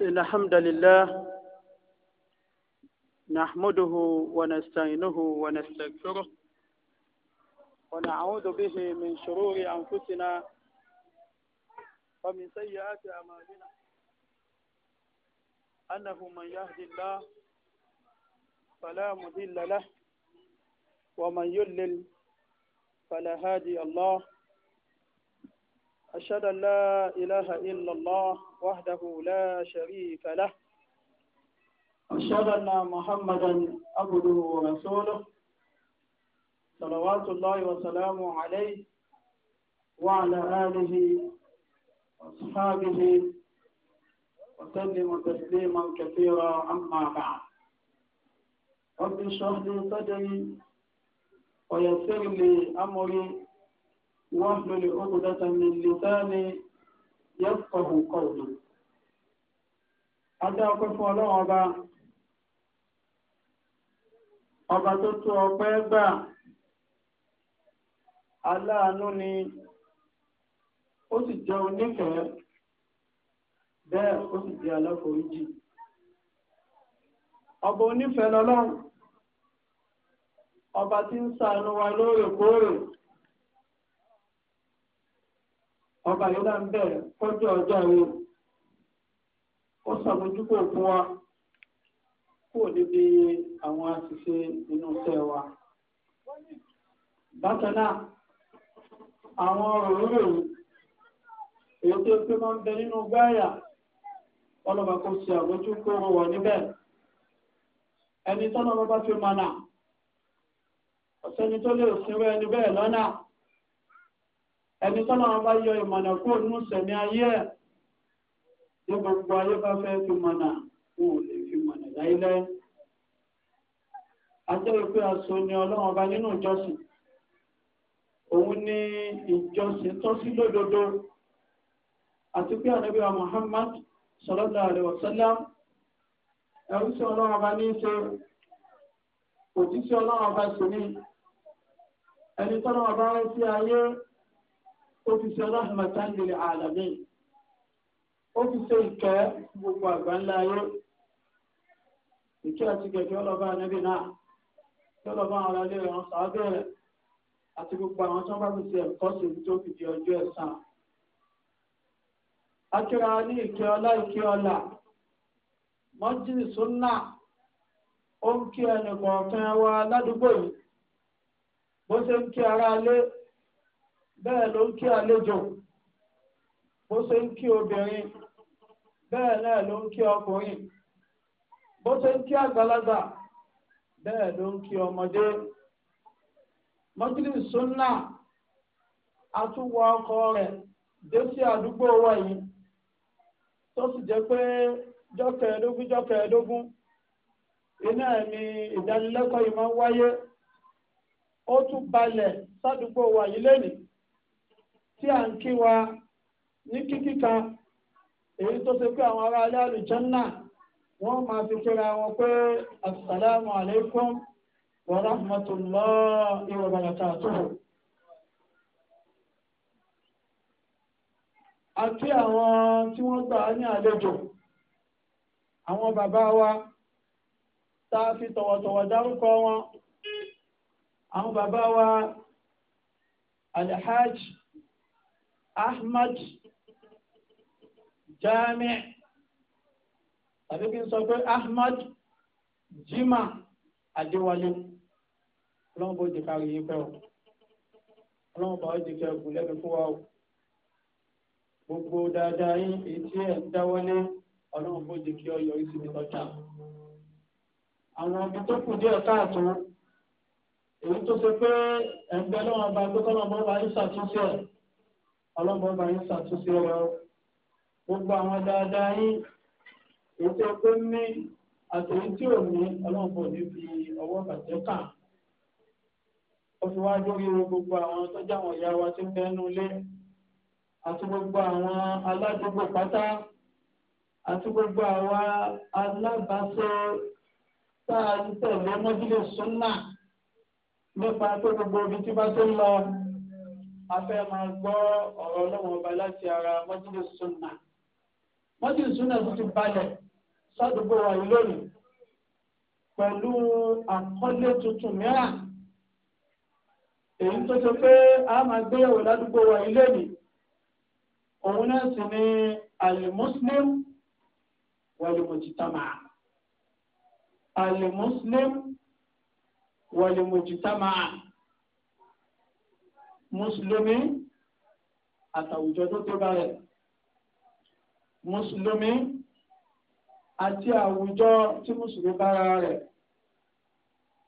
الحمد لله نحمده ونستعينه ونستغفره ونعوذ به من شرور أنفسنا ومن سيئات أعمالنا أنه من يهدي الله فلا مضل له ومن يضلل فلا هادي الله أشهد أن لا إله إلا الله وحده لا شريك له أشهد أن محمدا عبده ورسوله صلوات الله وسلامه عليه وعلى آله وأصحابه وسلم تسليما كثيرا أما بعد رب اشرح لي صدري ويسر لي أمري واحلل عقدة من لساني yẹ́pọ̀hù kọ̀ọ̀lù. Adé ọpẹ́ fún ọlọ́run ọba. Ọba tó tó ọpẹ́ gbà. Aláàánú ni ó sì jẹ́ oníkẹ̀ẹ́. Bẹ́ẹ̀ ó sì jẹ́ aláforíjì. Ọba onífẹ̀ẹ́ lọ́lọ́run. Ọba tí ń ṣàánú wa lóòrèkóòrè. ọba yọba ń bẹ̀ kọjú ọjọ́ ìwé ó ṣàmójúkò fún wa kúrò níbi àwọn àṣìṣe inú iṣẹ́ wa. bákan náà àwọn òróró yìí èyí tó pé máa ń bẹ nínú gbáyà ọlọ́ba kò ṣe àmójúkò wọ̀ níbẹ̀ ẹni tọ́nà tó ẹni tọ́lá wọn bá yọ ìmọ̀nà kó nù sẹ̀mí ayé ẹ̀ ní gbogbo ayé bá fẹ́ fi mọ̀nà kó o lè fi mọ̀nà láíláí. ajẹ́ pé aṣọ ni ọlọ́run bá nínú ìjọsìn òun ni ìjọsìn tọ́ sí lódodo àti pé ànábì wa Muhammad sallallahu alaihi wasallam ẹ̀rú sí ọlọ́run ọba ní í ṣe òjíṣẹ́ ọlọ́run ọba sì ni ẹni tọ́lá wọn bá rẹ́ sí ayé. ó fi ṣe rahmatan lil alamin ó fi gbogbo àgbáńlá ayé ìkẹ́ àti gẹ̀gẹ́ ọlọ́ba ànábì náà kí ọlọ́ba àwọn aráalé àti gbogbo àwọn tí bá bẹ́ẹ̀ ló ń kí àlejò bó ṣe ń kí obìnrin bẹ́ẹ̀ náà ló ń kí ọkùnrin bó ṣe ń kí àgbàlagbà bẹ́ẹ̀ ló ń kí ọmọdé mọ́tílì súnà àtúwọ̀ ọkọ rẹ̀ dé sí àdúgbò wa yìí tó sì jẹ́ pé jọ́kẹ̀ẹ́dógún jọ́kẹ̀ẹ́dógún iná ẹ̀mí ìdánilẹ́kọ̀ọ́ yìí máa ń wáyé ó tún balẹ̀ sádùúgbò wa yìí lénìí. tí à ń kí wa ní kíkí kan èyí tó ṣe pé àwọn ará alẹ́ àlùjànnà wọ́n máa fi kíra wọn pé asalaamu alaykum wa rahmatulahi wa barakatuhu. àti àwọn tí wọ́n gbà á ní àlejò àwọn bàbá wa tá a fi tọ̀wọ̀tọ̀wọ̀ dárúkọ wọn àwọn bàbá wa alhaji Ahmad Jami tàbí kí n sọ pé Ahmad Jima Adéwálé ọlọ́run bó di kárí yín pẹ́ o ọlọ́run bá di kẹ́ ẹ̀kú lẹ́bi fún wa o gbogbo dáadáa yín èyí tí ẹ̀ ń dáwọ́lé ọlọ́run bó di kí ọ yọrí sí mi lọ́jà àwọn ibi tó kù díẹ̀ káàtó èyí tó ṣe pé ẹ̀ńgbẹ́ lọ́wọ́ bá gbé kọ́lọ́ bọ́ bá ṣàtúnṣe ẹ̀ ọlọ́gbọ́n bá yín ṣàtúnṣe ọ̀rọ̀ gbogbo àwọn dáadáa yín èyí tí ọkọ ní àtẹ̀yí tí ò ní ọlọ́gbọ́n ní fi ọwọ́ bàjẹ́ kàn ó fi wá lórí gbogbo àwọn tọ́jú àwọn ìyá wa tí ń bẹ́nu lé àti gbogbo àwọn aládùúgbò pátá àti gbogbo àwa alábàáṣe tá a tẹ̀lé mọ́júlẹ̀ sọ́nà nípa pé gbogbo ibi tí bá tó ń lọ afẹ́ máa gbọ́ ọ̀rọ̀ ọlọ́wọ́n ọba láti ara mọ́tìlì súnà mọ́tìlì sunna ti balẹ̀ sádùúgbò wa yìí lónìí pẹ̀lú àkọlé tuntun mìíràn èyí tó ṣe pé a máa gbéyàwó ládùúgbò wa yìí lónìí òun náà sì ni alimuslim walimujitama alimuslim walimujitama mùsùlùmí àtàwùjọ tó tó bá rẹ̀ mùsùlùmí àti àwùjọ tí mùsùlùmí bára rẹ̀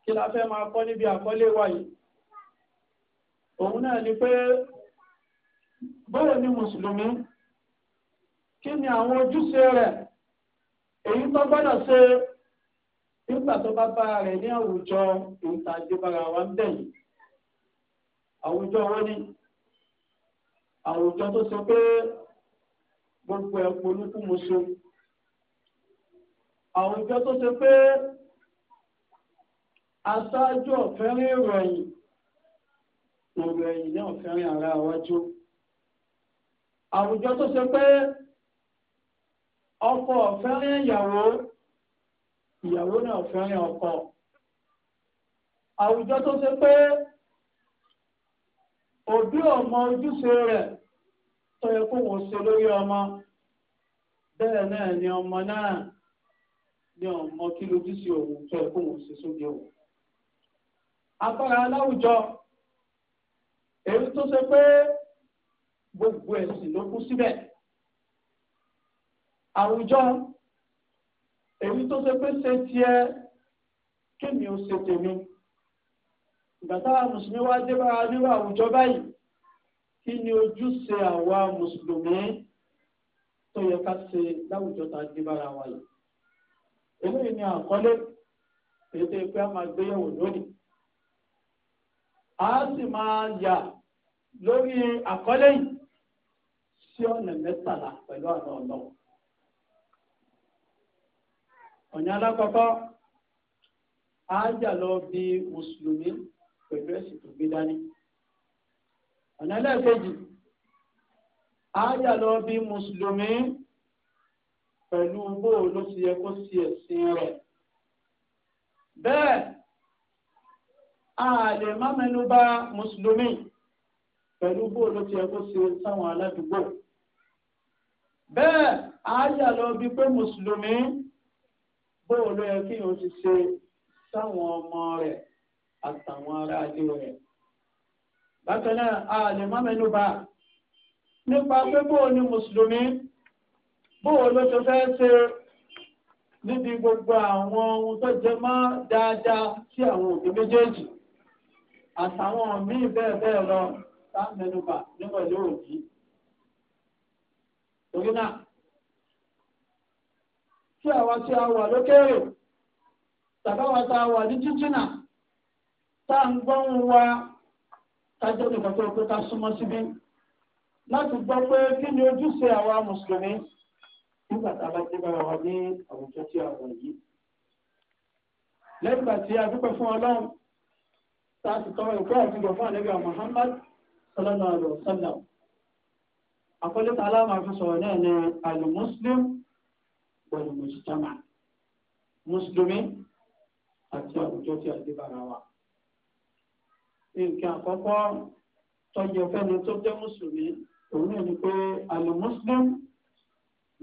kí la fẹ́ máa kọ́ níbi àkọlé wa òun náà ni pé báwo ni mùsùlùmí kí ni àwọn ojúṣe rẹ̀ èyí tó gbọ́dọ̀ ṣe nígbà tó bá bára rẹ̀ ní àwùjọ ìtàjẹ́ wa ń bẹ̀yìn àwùjọ wọn ni àwùjọ tó sọ pé gbogbo ẹ̀ polúkú mo so àwùjọ tó sọ pé aṣáájú ọ̀fẹ́rin ìròyìn ọ̀rọ̀ ẹ̀yìn náà fẹ́rin ara àwájú àwùjọ tó ṣe pé ọkọ ọ̀fẹ́rin ìyàwó ìyàwó náà fẹ́rin ọkọ àwùjọ tó ṣe pé òbí ọmọ ojúṣe rẹ̀ tó yẹ kó wọ́n ṣe lórí ọmọ bẹ́ẹ̀ náà ni ọmọ náà ni ọmọ kí lójúṣe òun tó yẹ kó wọ́n ṣe sóde òun. agbára aláwùjọ èyí tó ṣe pé gbogbo ẹ̀sìn ló kú síbẹ̀ àwùjọ èyí tó ṣe pé ṣe tiẹ̀ kémi ó ṣe tèmi gbàtàwà mùsùlùmí wá dé bára nírú àwùjọ báyìí kí ni ojúṣe àwa mùsùlùmí tó yẹ ká ṣe láwùjọ tá a dé bára wa yìí. eléyìí ni àkọlé ètò ìpè a máa lónìí. a sì máa yà lórí àkọlé yìí sí ọ̀nà mẹ́tàlá pẹ̀lú àna ọ̀nà. ọ̀nà alákọ̀ọ́kọ́ a yà lọ bí mùsùlùmí pẹ̀lú ẹ̀sìn tó gbé dání. ọ̀nà ẹlẹ́ẹ̀kejì ááyà lọ bí mùsùlùmí pẹ̀lú bó ló ti yẹ kó sí ẹ̀sìn rẹ̀. bẹ́ẹ̀ a lè má mẹ́nu bà mùsùlùmí pẹ̀lú bó ló ti yẹ kó sí sáwọn aládùúgbò. bẹ́ẹ̀ ááyà lọ bí pé mùsùlùmí bó ló yẹ kí òun ti ṣe sáwọn ọmọ rẹ̀ àtàwọn ará ajé rẹ̀. bákan náà a lè má mẹ́nu bà nípa pé bóò ni mùsùlùmí bóò ló ti fẹ́ ṣe níbi gbogbo àwọn ohun tó jẹ mọ́ dáadáa sí àwọn òbí méjèèjì àtàwọn míì bẹ́ẹ̀ bẹ́ẹ̀ lọ tá mẹ́nu bà nírọ̀lẹ́ òní. torí náà tí àwa tí a wà lókèrè tàbáwa tá a wà ní jíjìnà tá à ń gbọ́ ń wa kájọ́ nìkan tó pé ká súnmọ́ síbí láti gbọ́ pé kí ni ojúṣe àwa mùsùlùmí nígbà tá a bá dé bára wa ní àwùjọ tí a wà yìí. lẹ́yìn ìgbà tí a dúpẹ́ fún ọlọ́run tá a sì tọrọ ìkọ́ àti ìgbà fún àlẹ́bíà Muhammad sallallahu alaihi wa sallam. àkọlé tá a láwọn àfi sọ̀rọ̀ náà ni alimuslim wal mujtama mùsùlùmí àti àwùjọ tí a dé bára wa nǹkan àkọ́kọ́ tọ́jú fẹ́ni tó jẹ́ mùsùlùmí òun náà ni pé alimuslim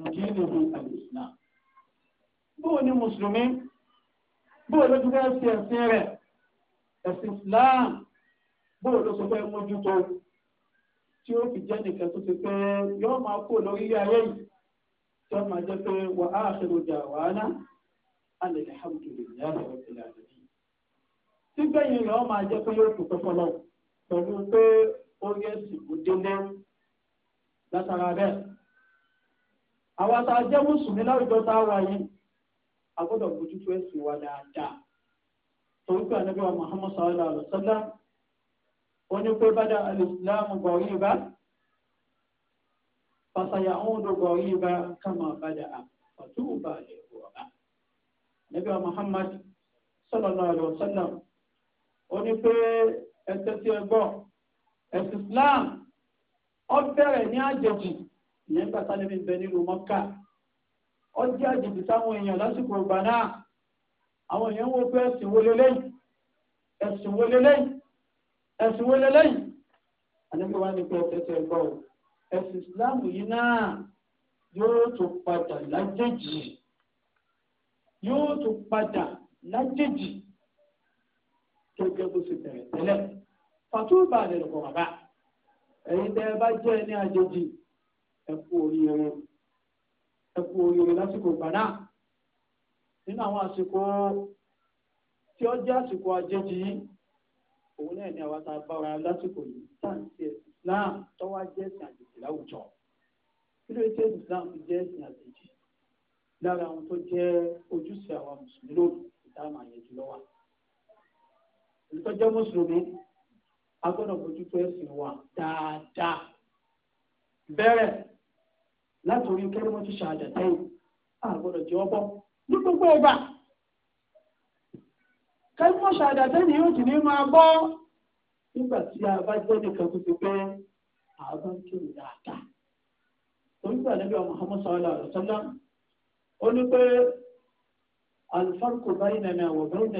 nìkíni alislam bóò ni mùsùlùmí bóò ló ti fẹ́ ṣe ẹ̀sìn rẹ̀ ẹ̀sìn islam bóò ló sọ pé mójútó tí ó fi jẹ́ nìkan tó ti pé yóò máa kó lórí ayé yìí tí ó máa jẹ́ pé wa akhiru da'wana alhamdulillahi rabbil alamin. sígbẹ̀yìn rẹ̀ ó máa jẹ́ pé yóò dùn pẹ́pọ́ pẹ̀lú pé ó yẹ sìnkú délé látara bẹ́ẹ̀. àwa a jẹ́ mùsùlùmí láwùjọ tá a wà yìí a gbọ́dọ̀ ẹ̀sìn wa sallallahu alayhi wa sallam ó ní bada fasaya kama lè sallallahu alayhi wa sallam. ó pe pé ẹsẹ̀ tí ẹ Islam ó bẹ̀rẹ̀ ní àjèjì ìyẹn gbàtà níbi ìbẹ nílùú Mọ́kà ó jẹ́ àjèjì táwọn èèyàn lásìkò ìgbà náà àwọn èèyàn wo pé ẹ̀sìn wo lélẹ́yìn ẹ̀sìn wo lélẹ́yìn ẹ̀sìn wo lélẹ́yìn àdébí wa ní pé ẹsẹ̀ tí ẹ gbọ́ Islam yìí náà yóò tún padà lájèjì yóò tún padà lájèjì tó jẹ́ bó ṣe bẹ̀rẹ̀ tẹ́lẹ̀ fàtúbà lè lọ́kọ̀ bàbá ẹ̀yin tẹ́ ẹ bá jẹ́ ẹni àjèjì ẹ kú oríire ẹ kú oríire lásìkò gbàdá nínú àwọn àsìkò tí ó jẹ́ àsìkò àjèjì yìí òun náà ní àwa tá a bára lásìkò yìí táǹtì ẹ̀sìn Islam tọ́wọ́ jẹ́ ẹ̀sìn àjèjì láwùjọ kí ló jẹ́ Islam jẹ́ ẹ̀sìn àjèjì lára àwọn tó jẹ́ ojúṣe àwa mùsùlùmí lónìí ìdáhùn ìtọ́jọ́ mùsùlùmí a gbọ́dọ̀ bójútó ẹ̀sìn wa dáadáa bẹ́ẹ̀ látòrí kẹ́lẹ́mọ́tì ṣàdàtẹ́yìn a gbọ́dọ̀ jẹ́ ọbọ̀ ní gbogbo ìgbà kẹ́lẹ́mọ́ ṣàdàtẹ́yìn yóò dì ní máa bọ́ nígbà tí a bá jẹ́ nìkan tó ti pẹ́ àbá ń kírun dáadáa torí pé àlejò Muhammad sallallahu alaihi wa sallam ó ní pé al-farqu baynana wa bayna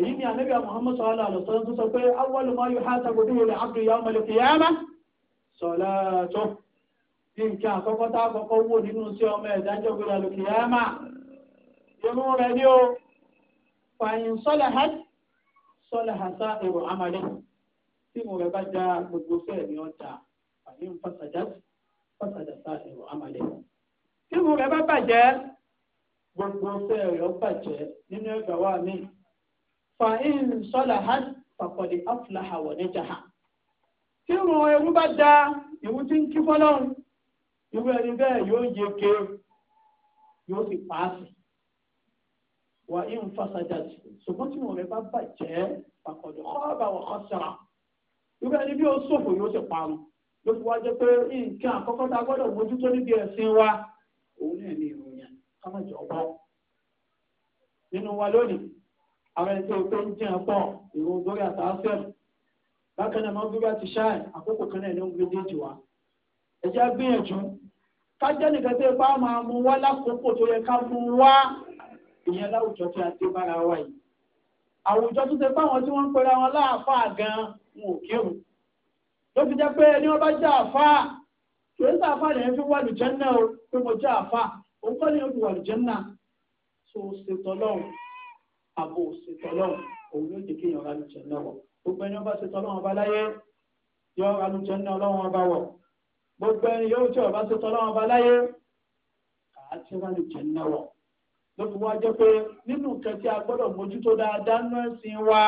èyí ni ànábì Muhammad sallallahu alaihi wasallam tó sọ pé awwalu ma yuhasabu bihi al-abdu yawma al-qiyamah salatu nǹkan àkọ́kọ́ tá a kọ́kọ́ wò nínú sí ọmọ ìdájọ́ gbé al-qiyama irun rẹ̀ ni ó fàyín salahat salaha sa'iru amali tí mo rẹ̀ bá da gbogbo fẹ́ẹ̀ ni ó ta fàyín fasadat fasada sa'iru amali tí mo rẹ̀ bá bàjẹ́ gbogbo fẹ́ẹ̀ rẹ̀ bàjẹ́ nínú ẹgbàá wa míì. fàáhìn sọ́làhán fàkọ̀dé afúláhà wọ̀ níjàhà. tí wọn ewu bá da ewu tí ń kí fọlọ́run ẹni bẹ́ẹ̀ yóò yé yóò sì wà ṣùgbọ́n tí wọn rẹ bá bàjẹ́ fàkọ̀dé ọ̀ọ́bà wọ̀ ọ̀sára ewu ẹni bí ó yóò sì parun ló fi pé nǹkan àkọ́kọ́ tá a gbọ́dọ̀ mójútó níbi ẹ̀sìn wa òun náà ní ìròyìn ká má jọ bọ́ nínú wa lónìí. àwọn ẹni tó tó ń jẹ́ pọ̀ ìwọ gbórí àtàfẹ́ bákan náà máa ń gbórí àti ṣáà àkókò kan náà ní ń gbé déjì wa ẹ jẹ́ gbìyànjú ká jẹ́ nìkan tó bá máa mú wá lákòókò tó yẹ ká mú wá ìyẹn láwùjọ tí a ti bára wa yìí àwùjọ tó ṣe fáwọn tí wọ́n ń pera wọn láàfáà gan wọn ò kírun ló fi jẹ́ pé ẹni wọ́n bá jẹ́ àfáà kìí sá àfáà lẹ́yìn fi wà lùjẹ́ náà pé mo jẹ́ àfáà òun kọ́ ni ó fi wà lùjẹ́ náà tó ṣètò ọlọ́run àbò òṣètò ọlọ́run òun ló jẹ́ kéèyàn ra lùjẹ́ náà wọ̀ gbogbo ẹni ọba ṣètò ọlọ́run ọba láyé yọ ra lùjẹ́ náà ọlọ́run ọba wọ̀ gbogbo ẹni yóò tí ọba ṣètò ọlọ́run ọba láyé kàá ti ra lùjẹ́ náà wọ̀ lókun wá jẹ́ pé nínú nǹkan tí mójútó dáadáa náà ẹ̀sìn wa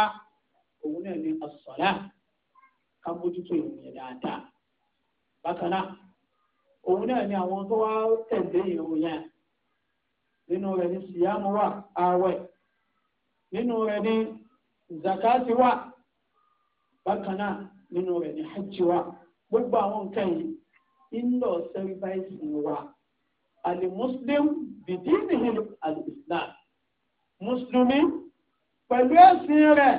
òun náà ni àsọ̀lá ká mójútó ìròyìn dáadáa bákan náà òun náà ni àwọn tó wá tẹ̀lé ìròyìn nínú rẹ̀ ní síyámù wà nínú rẹ̀ ní bakana wà bákan náà gbogbo alimuslim pẹ̀lú ẹ̀sìn rẹ̀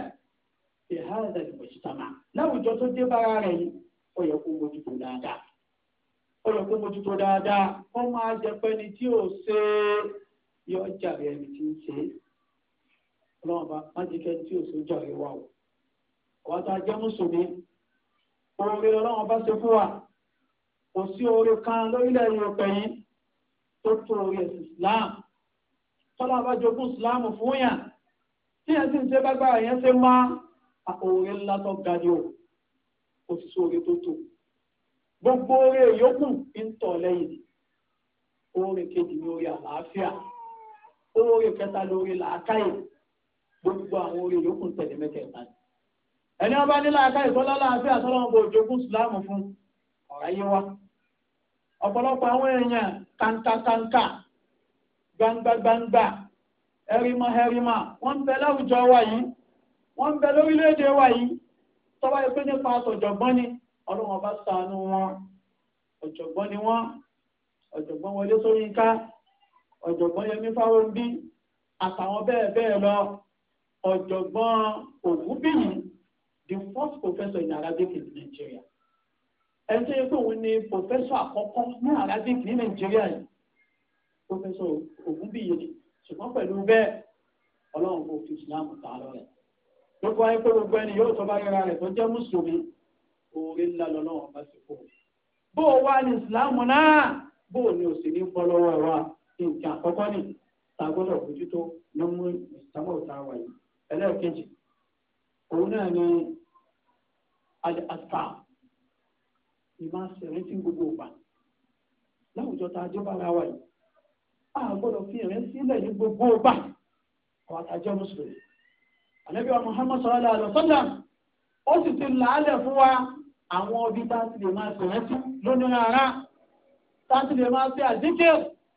ìhàdà ìmọ̀jìtàmà láwùjọ tó dé bára rẹ̀ yìí ó yẹ kó mójútó dáadáa ó yẹ kó mójútó dáadáa kó máa jẹ pé tí ò ṣe é ọlọ́run bá má ti kẹ́ tí òsì jà rí o àwọn tá a jẹ́ mùsùlùmí oore ọlọ́run bá ṣe fún wa kò sí oore kan lórílẹ̀ Yorùbá yìí tó tó oore ẹ̀sìn Islam tọ́lá bá jogún Islam fún yàn tí yẹn sì ń ṣe bágbára yẹn ṣe má oore ńlá tó ga ni o kò sí oore tó tó gbogbo oore yòókù ń tọ̀ lẹ́yìn oore kejì ni oore àlàáfíà oore kẹta lórí làákàyè gbogbo àwọn orí yòókù ń tẹ̀lé mẹ́tẹ̀ẹ̀ta ni. ẹni ọba nílá aká ìtọ́lá láàfin àtọ́lọ́wọ́n bò jogún sùlámù fún ayé wa. ọ̀pọ̀lọpọ̀ àwọn èèyàn kàńkàkàńkà gbangbagbangba ẹ̀rìmọ ẹ̀rìmọ wọ́n ń bẹ láwùjọ wa yìí wọ́n ń bẹ lórílẹ̀‐èdè wa yìí tọ́wá yẹ pé nípa àtọ̀jọ̀gbọ́n ni ọlọ́run ọba ṣàánú wọn ọ̀jọ̀gbọ́n ni wọ́n ọ̀jọ̀gbọ́n Wọlé ọ̀jọ̀gbọ́n ògúnbíyì the first professor in Arabic in Nigeria ẹni tó yẹ pé òun ni professor àkọ́kọ́ ní Arabic ní Nigeria yìí professor ògúnbíyì ni ṣùgbọ́n pẹ̀lú bẹ́ẹ̀ ọlọ́run kò fi Islam ta lọ rẹ̀ gbogbo ayé pé gbogbo ẹni yóò tọ́ bá rẹ́ra rẹ̀ tó jẹ́ mùsùlùmí oore ńlá lọ́lọ́run bá ti kó o bó o wá ní ìsìláàmù náà bó o ní o sì ní bọ́ lọ́wọ́ wa nǹkan àkọ́kọ́ ni tá a gbọ́dọ̀ bójútó ló mú ìsìláàmù ọ̀tá ẹlẹ́ẹ̀kejì òun náà ni àṣà ìmá ṣẹ̀rẹ́tì gbogbo ògbà láwùjọ tá a jọ bára wa yìí a gbọ́dọ̀ fi ẹ̀rẹ́ sílẹ̀ ní gbogbo ògbà àwọn àtàjọ mùsùlùmí ànábì wa Muhammad sallallahu alaihi wasallam ó sì ti làálẹ̀ fún wa àwọn ọbí tá a ti lè máa lónìí rárá tá a ti lè máa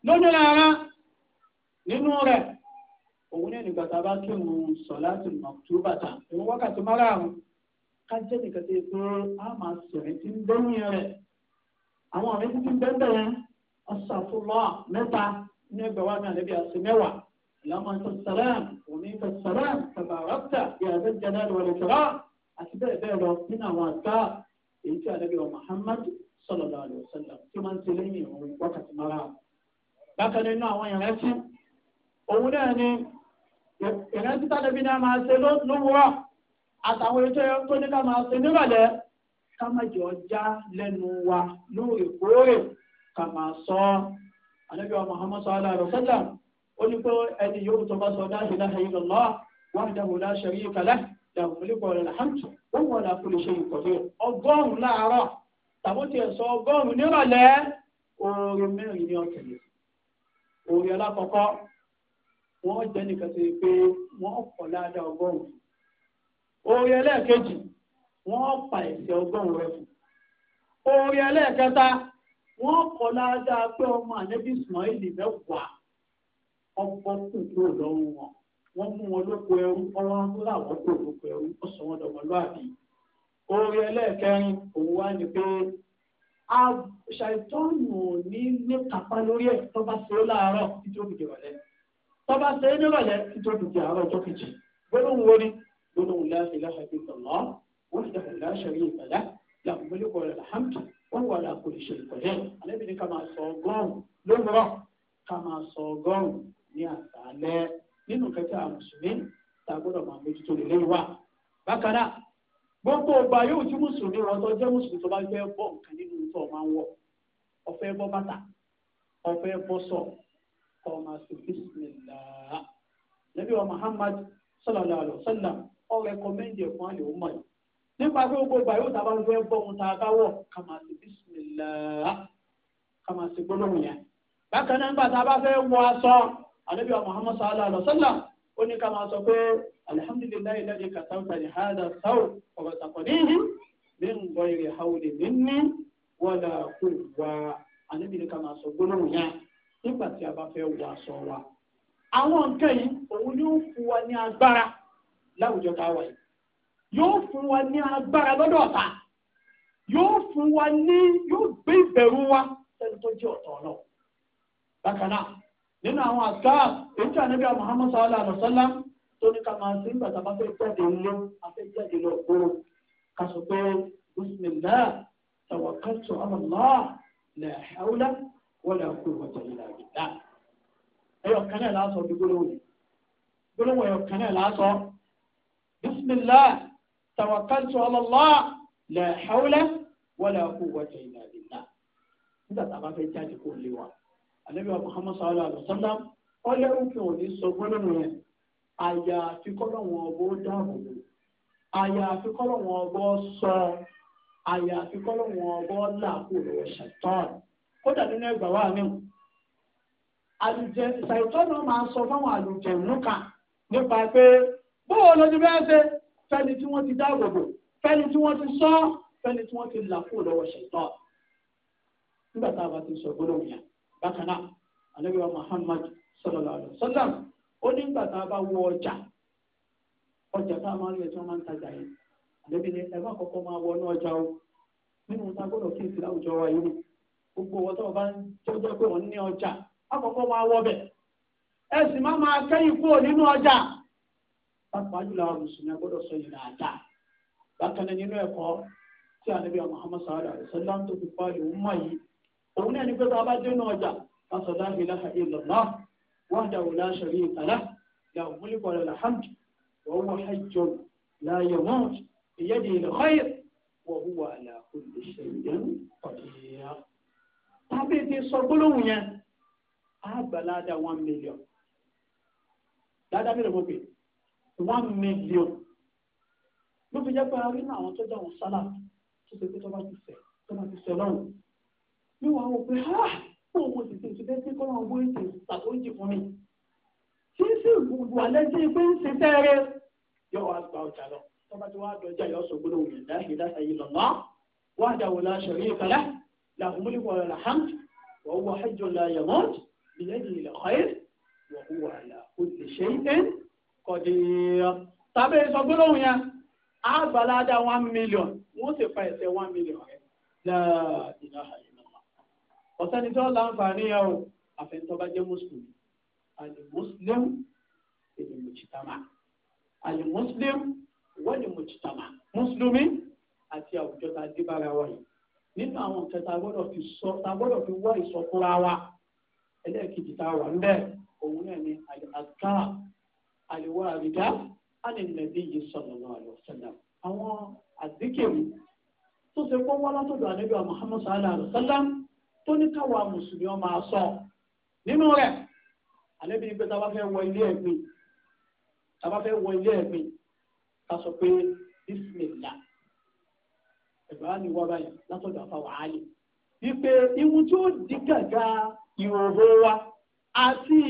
lónìí rárá nínú òun náà nígbà tá a bá kírun sọ̀láàtì mọ̀tòbà tán ìwọ wákàtí márààrún ká jẹ́ nìkan tó yẹ pé a máa sọ̀rọ̀ tí ń bẹ́yìn rẹ̀ àwọn ọ̀rẹ́ títí ń bẹ́ẹ̀ bẹ́ẹ̀ ọ̀sàfùlọ́ mẹ́ta ní ẹgbẹ̀ wa ní àlẹ́bí àti mẹ́wàá lamọ́tò sàlám òní ìfẹ́ sàlám tàbàràtà ìyàgbé jẹ́dá lọ́wọ́ ìfẹ́rọ́ àti bẹ́ẹ̀ bẹ́ẹ̀ lọ nínú àwọn àgbà èyí tí àlẹ́bí wa Muhammad sallallahu alaihi wasallam tí máa ń ṣe lẹ́yìn òun wákàtí ìrántí tàbí ní a máa ṣe lówùúrọ̀ àtàwọn ètò tó ní ká máa ṣe nírọ̀lẹ́ ká má jọ ọjà lẹ́nu wa lóòrèkóòrè ká máa sọ ọ́ ànábì wa Muhammad ó ní pé ẹni tó bá sọ ala kulli shay'in qadir ọgọ́rùn-ún láàárọ̀ tàbó tiẹ̀ sọ ọgọ́rùn-ún nírọ̀lẹ́ oore mẹ́rin ní oore alákọ̀ọ́kọ́ wọ́n jẹ nìkan tó yẹ pé wọ́n kọ ládàá ọgọ́rùn-ún orí ẹlẹ́ẹ̀kejì wọ́n pa ẹ̀ṣẹ̀ ọgọ́rùn rẹ fún orí ẹlẹ́ẹ̀kẹta wọ́n kọ̀ ládàá pé ọmọ ànẹ́bí Ismaili mẹwàá kúrò wọn mú wọn lóko ẹrú ọrọ tọ́ba ṣe é nírọ̀lẹ́ títọ́ dùkú àárọ̀ ọjọ́ kejì gbólóhùn wọlé gbólóhùn láti láṣẹ ìtọ̀lọ́ wọ́n ti dàpọ̀ láṣẹ rí ìpàdá làwọn mọ́lẹ́kọ̀ rẹ̀ làhámdù wọ́n wà láàkó ìṣe ìpàdé alẹ́bí ni ká máa sọ ọgọ́rùn lómùrọ̀ ká máa sọ ọgọ́rùn ní àtàlẹ́ nínú kẹta mùsùlùmí tá a máa mójútó lè léwà bákan gbogbo ọgbà yóò tí mùsùlùmí rọ tó jẹ́ mùsùlùmí tó bá fẹ́ bọ́ nǹkan nínú tó máa ń wọ̀ ó bàtà ó fẹ́ bọ́ kọ́ máa sọ bísímìlá nàbí wa Muhammad sallallahu alayhi wa sallam ọ rẹkọmẹ́ndì ẹ̀fọn àlè ọmọ yìí nípa pé gbogbo ìgbà yóò tábà fẹ́ bọ́ ohun tá a bá wọ̀ ká máa sọ bísímìlá gbólóhùn yẹn bákan náà nígbà tá a bá fẹ́ wọ aṣọ ànábì wa Muhammad sallallahu alayhi wa sallam ó ní ká máa sọ pé alihamdulilayi lẹ́yìn kàtàkùn àdìhádà sáwò ọ̀rọ̀ tàkọ̀déhìn bí nǹkan ìrẹ̀ hàwùlẹ̀ nínú wọ́n dà kó wá ànábì ní ká sọ gbólóhùn yẹn. nígbà tí a bá fẹ́ wọ aṣọ wa àwọn nǹkan yìí òun yóò fún wa ní agbára láwùjọ tá a wà yìí yóò fún wa ní agbára lọ́dọ̀ ọ̀tá yóò fún wa ní yóò gbé ìbẹ̀rù wa sẹ́ni tó jẹ́ ọ̀tọ̀ náà bákan náà nínú àwọn àṣà Muhammad wa tó ní ká máa bá fẹ́ jáde afẹ́ jáde lọ gbòòrò ká sọ pé wọ́n lè kó ìwọ̀n jẹ̀lẹ̀ làbí dá. ẹ̀yọ̀ kan náà lásọ bí gbólóhùn yìí gbólóhùn ẹ̀yọ̀ kan náà lásọ. bismillah tawakkaltu ala Allah la hawla wala quwwata illa billah. nígbà tá a bá fẹ́ jáde kó lé wa àlẹ́ bí wa Muhammad sallallahu alayhi wa sallam ọlẹ́ òkè òní sọ gbólóhùn yẹn àyà àfikọ́lọ́wọ̀n ọgbọ́ dáàbò bò àyà àfikọ́lọ́wọ̀n ọgbọ́ sọ àyà àfikọ́lọ́wọ̀n ọgbọ́ làkúrò ṣẹ̀tọ́ọ̀nù. kódà nínú ẹgbà wà ní o àlùjẹ ṣàìtọ́nù máa sọ fáwọn àlùjẹ nùkà nípa pé bóò lójú bẹ́ẹ̀ ṣe fẹ́ni tí wọ́n ti dáàbò bò fẹ́ni tí wọ́n ti sọ fẹ́ni tí wọ́n ti là lọ́wọ́ nígbà tá a a ọjà ọjà tá a máa ń lè tí wọ́n máa ń tajà àlẹ́bí ni ẹ má kọ́kọ́ máa gbogbo wọn tó bá ń tó jẹ́ pé òun ní ọjà àkọ́kọ́ máa wọ bẹ̀ ẹ sì má máa kẹ́yìn kúrò nínú ọjà pápá jùlọ àwọn mùsùlùmí a gbọ́dọ̀ sọ ìrìn àjà bákan náà nínú ẹ̀kọ́ tí ànábì Muhammad sallallahu alaihi wasallam tó fi pa ìwú mọ̀ yìí òun náà ní pé tá a bá dénú ọjà lásán la ilaha illallah wahdahu la sharika lahu lahul mulku wa lahul hamd wa huwa hayyun la yamut biyadihi al-khayr wa huwa ala kulli shay'in tàbí ti sọ gbólóhùn yẹn á gbà ládàá one million ládàá mélòó mọ̀ pé one million ló fi jẹ́ pé a rí ní àwọn tó dáhùn sálà tó ṣe pé tó bá ti fẹ̀ tó bá ti fẹ̀ lọ́rùn níwọ̀n àwọn òpin ha fún òun sì ti ṣùgbọ́n tí kọ́lá ọgbọ́n yìí ti ṣàkójì fún mi tí sì wà lẹ́sìn pé ń ṣe fẹ́ẹ́rẹ́ yóò wá gba ọjà lọ tó bá ti dọjà yóò sọ gbólóhùn yẹn láì láì lọ́nà wàdà wò láṣọ له ملك وله الحمد وهو حج لا يموت بيده الخير وهو على كل شيء قدير tàbí ìsọgbọ́nlọ́hùn yẹn àgbàládà one million wọ́n sì fa ẹ̀sẹ̀ one million yẹn láàdínà àyìnbá ọ̀sẹ́ni tó láǹfààní yẹn o àfẹ́ntọ́ba jẹ́ mùsùlùmí alimuslim èdè mùjítàmá alimuslim wọ́n ni mùjítàmá mùsùlùmí àti àwùjọ tá a dé bára wa yìí nínú àwọn nǹkan tá a gbọ́dọ̀ fi sọ tá a gbọ́dọ̀ fi wá ìsọfúnra wa ẹlẹ́ẹ̀kejì tá a wà ńbẹ̀ òun náà ni àgbà àlewà àrídá ánìlẹ́bí yìí sallallahu alaihi wasallam àwọn àdíkèrú tó ṣe kọ́ wọ́n látọ̀dọ̀ ànábì Muhammad sallallahu alaihi wasallam tó ní káwa mùsùlùmí ọmọ asọ nínú rẹ̀ ànábì ní pé tá a bá fẹ́ wọ ilé ẹ̀gbìn tá a bá fẹ́ wọ ilé ẹ̀gbìn ká sọ pé bísímìlá ìbáraẹni wá báyìí látọ̀dọ̀ àfa wàhálì wípé iwu tí ó di gàgà ìhòòhò wa àti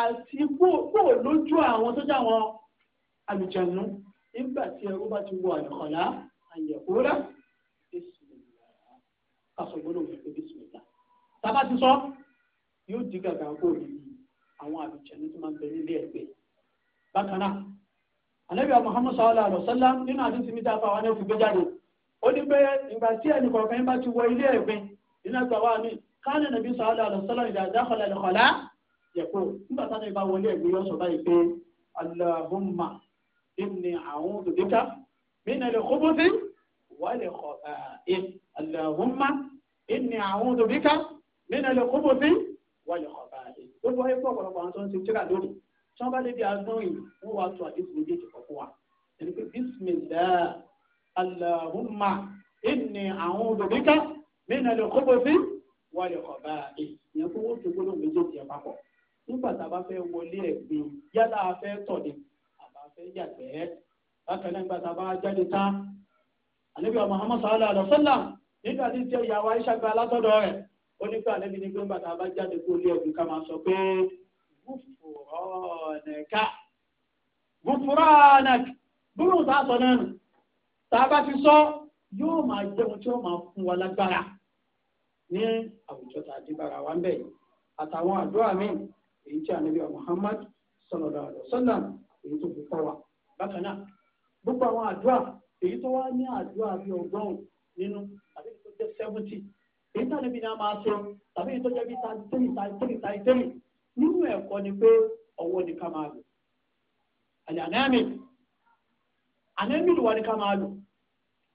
àti kó lójú àwọn tó jáwọn àlùjànnú nígbà tí ẹrú bá ti wọ àlùkọ̀lá àyẹ̀kúrẹ́ kásọ̀gbọ́dọ̀ wípé bísímìlá tábà ti sọ yóò di gàgà kó nìyí àwọn àlùjànnú tó máa ń bẹ nílé ẹgbẹ́ bákan náà anabi muhammadu sallallahu alaihi wa sallam nínú àdúntì mi tá a fa àwọn ẹni òfin gbé jáde ó ní pé ìgbà tí ẹnìkan kan bá ti wọ ilé ẹ̀gbin iná gbà wá mí káàní nàbí sàálà àlọ́sọ́lá ìdá àdákọ̀lá ìlọ́kọ̀lá yẹ̀kọ́ nígbà táwọn ìbá wọlé ẹ̀gbin yóò sọ báyìí pé aláhùnmá ìní àwọn òdòdókà mínà lè kó bófí wà lè kọ aláhùnmá ìní àwọn òdòdókà mínà lè kó bófí wà lè kọ báyìí. gbogbo ayé pọ̀ pọ̀lọpọ̀ àwọn tó ń ti tíra lónìí tí wọ́n bá lé bí agbọ́n yìí wọ́n wá tó àdéhùn méjèèjì pọ̀ fún wa. Allahumma inni a'udhu bika min al-khubuthi wal khaba'ith. Ìyẹn kó wọ́n tó gbólóhùn méjèèjì ẹ̀ papọ̀. Nígbà tá a bá fẹ́ wọlé ẹ̀gbin yálà a fẹ́ tọ̀ ni àbá fẹ́ yàgbẹ́. Bákan náà nígbà tá a bá jáde tán. Ànábì wa Muhammad sallallahu alaihi wa sallam nígbà tí jẹ́ ìyàwó Aisha gba alátọ́dọ̀ rẹ̀. Ó ní pé ànábì ní pé nígbà tá a bá jáde kó lé ẹ̀gbin ká máa sọ pé gúfùrọ̀nẹ̀ká gúfùrọ̀nẹ̀ká gbólóhùn tá a sọ náà tá a ti sọ yóò máa jẹ́ ohun tí ó máa fún wa lágbára ní àwùjọ tá a di bára wa ń bẹ̀ àtàwọn àdúrà èyí tí Muhammad sallallahu alaihi wasallam èyí tó fi kọ́ wa bákan náà gbogbo àwọn àdúrà èyí tó wá ní àdúrà bíi nínú tó èyí náà máa sọ tàbí tó nínú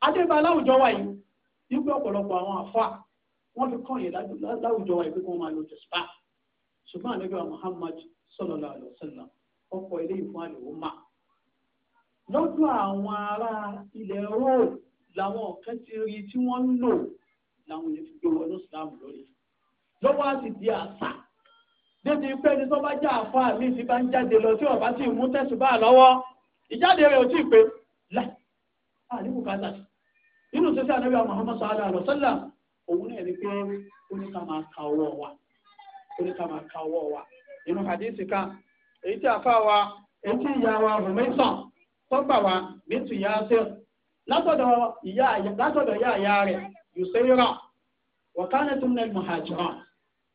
adébá láwùjọ wa yìí nígbà ọ̀pọ̀lọpọ̀ àwọn àfa wọ́n fi kọ́ yẹn láwùjọ wa yìí pé kí wọ́n máa lo tẹ̀sípà ṣùgbọ́n àlejò Muhammad sallallahu alaihi wasallam ọkọ̀ ilé ìfún àlèwò mà lọ́dọ̀ àwọn ará ilẹ̀ róò làwọn kan ti rí tí wọ́n ń lò làwọn yẹn fi gbé wọnú Islam lórí lọ́wọ́ á sì di àṣà débi pé ẹni tó bá jẹ́ àfa mi ti bá ń jáde lọ tí ọba ti mú tẹ̀sípà lọ́wọ́ ìjáde rẹ̀ ò tí ì pé láì àníkù ká láti ṣe sí ànábì Muhammad sallallahu alaihi wasallam òun náà ní pé ó ní ká máa ka ọwọ́ wa ó ní ká máa ka ọwọ́ wa nínú hadith ká èyí tí a fà wá èyí tí ìyá wa rùmẹ́sàn tó gbà wá bíntu Yasir látọ̀dọ̀ ìyá ìyá rẹ̀ Yusaira wa kanat min al-muhajirin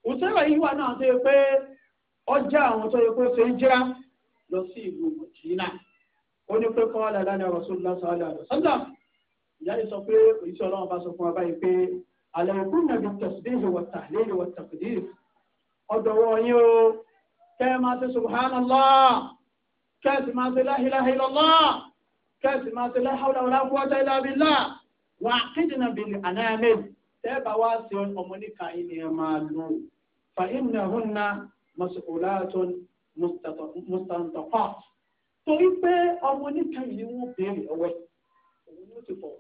Yusaira yìí wà náà tó yẹ pé ọjà àwọn tó yẹ pé ṣe ń jira lọ sí ìlú Madina ó ní pé kọ́ ọ́ làlá ni Rasulullah sallallahu alaihi wasallam ìyá yìí sọ pé òyìnbó ọlọ́run bá sọ fún wa báyìí pé àlẹ́ òkú nàbí tẹ̀sídéèlì wà tàlẹ́lì wà tàkìdìr ọ̀dọ̀wọ̀ yín o kẹ́ ẹ máa ṣe subhanallah kẹ́ ẹ sì máa ṣe la ilaha illallah kẹ́ ẹ sì máa ṣe la hawla wala quwwata illa wà kíndìnà bìlì ànáyàmẹ́ tẹ́ ẹ bá wá sí ọmọ níka yìí máa lò torí pé ọmọ níka yìí ni wọ́n ọwẹ́ òun ló ti fọ̀ọ́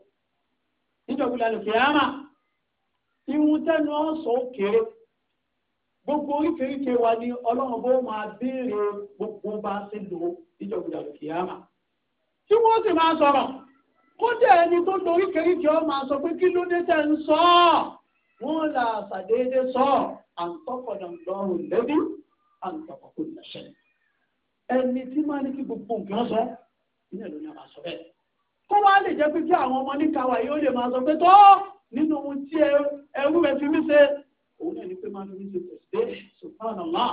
níjọba àlùkìyàmà ìhun tẹnu ọ̀sán òkèrè gbogbo oríkèéríkèé wa ni ọlọ́run bó máa béèrè gbogbo bá ṣe lò níjọba àlùkìyàmà tí wọ́n sì máa sọ̀rọ̀ kódà ẹni tó lo oríkèéríkèé ọ máa sọ pé kí ló dé tẹ̀ ń sọ ọ́ wọ́n là ṣàdédé sọ ọ́ àǹtọ́kọ̀dọ̀ lọ́rùn lẹ́bí àǹtọ́kọ̀kọ̀ ìlẹ̀ṣẹ̀ ẹni tí máa ní kí gbogbo nǹkan sọ ilé ìlú ni a máa sọ bẹ́ẹ̀ kó wá lè jẹ́ pé kí àwọn ọmọ níkàwá yóò lè máa sọ pé tó nínú ohun tí ẹrú rẹ fi mí ṣe òun náà ni pé máa fi mí ṣe tẹ̀sídẹ́ subhanallah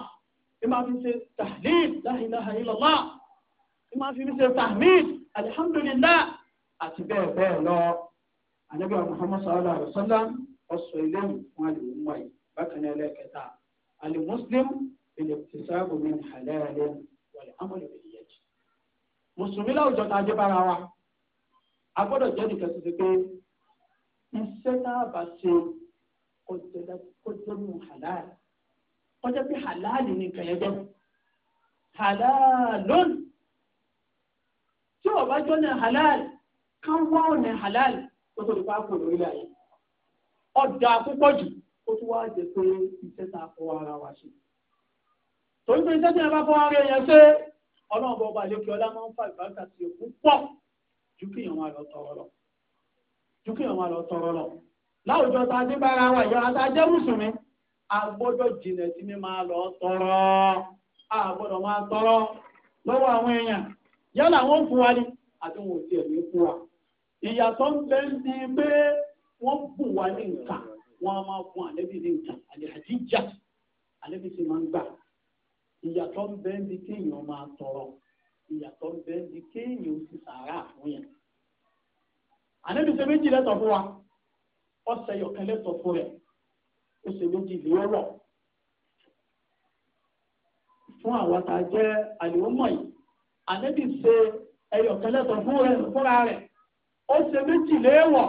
ẹ máa fi ṣe tahlil la ilaha illallah ẹ máa fi mí ṣe tahmid alhamdulillah àti bẹ́ẹ̀ bẹ́ẹ̀ lọ anabiwa muhammad sallallahu alaihi wa sallam ọ̀sọ̀ ilé fún àlùmọ́ wáyé bákan náà lẹ́ẹ̀kẹta alimuslim ilẹ̀kùtìsáàbù min halal wal amal bil yad mùsùlùmí a gbọ́dọ̀ jẹ́ nìkan tó ti pé iṣẹ́ náà bá ṣe kọjá mú halal kọjá pé halal ní nǹkan yẹn jẹ́ halal tí ọba jọ́nà halal kan wá ọ̀nà halal o tó lè pa kò lórí ayé ọ̀dà púpọ̀ jù ó tún wá jẹ pé iṣẹ́ tá a fọwọ́ ara wa ṣe. torí pé iṣẹ́ tí a bá fọwọ́ ara yẹn ṣe ọlọ́run bọ̀ ọba àlékè ọlá máa ń fa ìbáraká sí òkú pọ̀. ju kí èèyàn lọ tọrọ lọ ju kí èèyàn lọ tọrọ lọ láwùjọ tá a dé bára wa máa lọ tọrọ a gbọ́dọ̀ máa tọrọ lọ́wọ́ àwọn èèyàn yálà fún wa ni àti wọn ò tiẹ̀ ní fún wa ìyàtọ̀ ń bẹ ní pé wọ́n bùn wa ní á máa fún ní jà sì máa ń gbà ìyàtọ̀ ìyàtọ̀ ń bẹ di kéèyàn ó sì sàárà fún yẹn. ànábìsẹ méjì lẹ́tọ̀ fún wa ọsẹ yọkan lẹ́tọ̀ fún rẹ ó ṣe méjì lérò fún àwa tá a jẹ àlùmọ yìí ànábìsẹ ẹyọkan lẹ́tọ̀ fún rẹ fúnra rẹ ó ṣe méjì léèwọ̀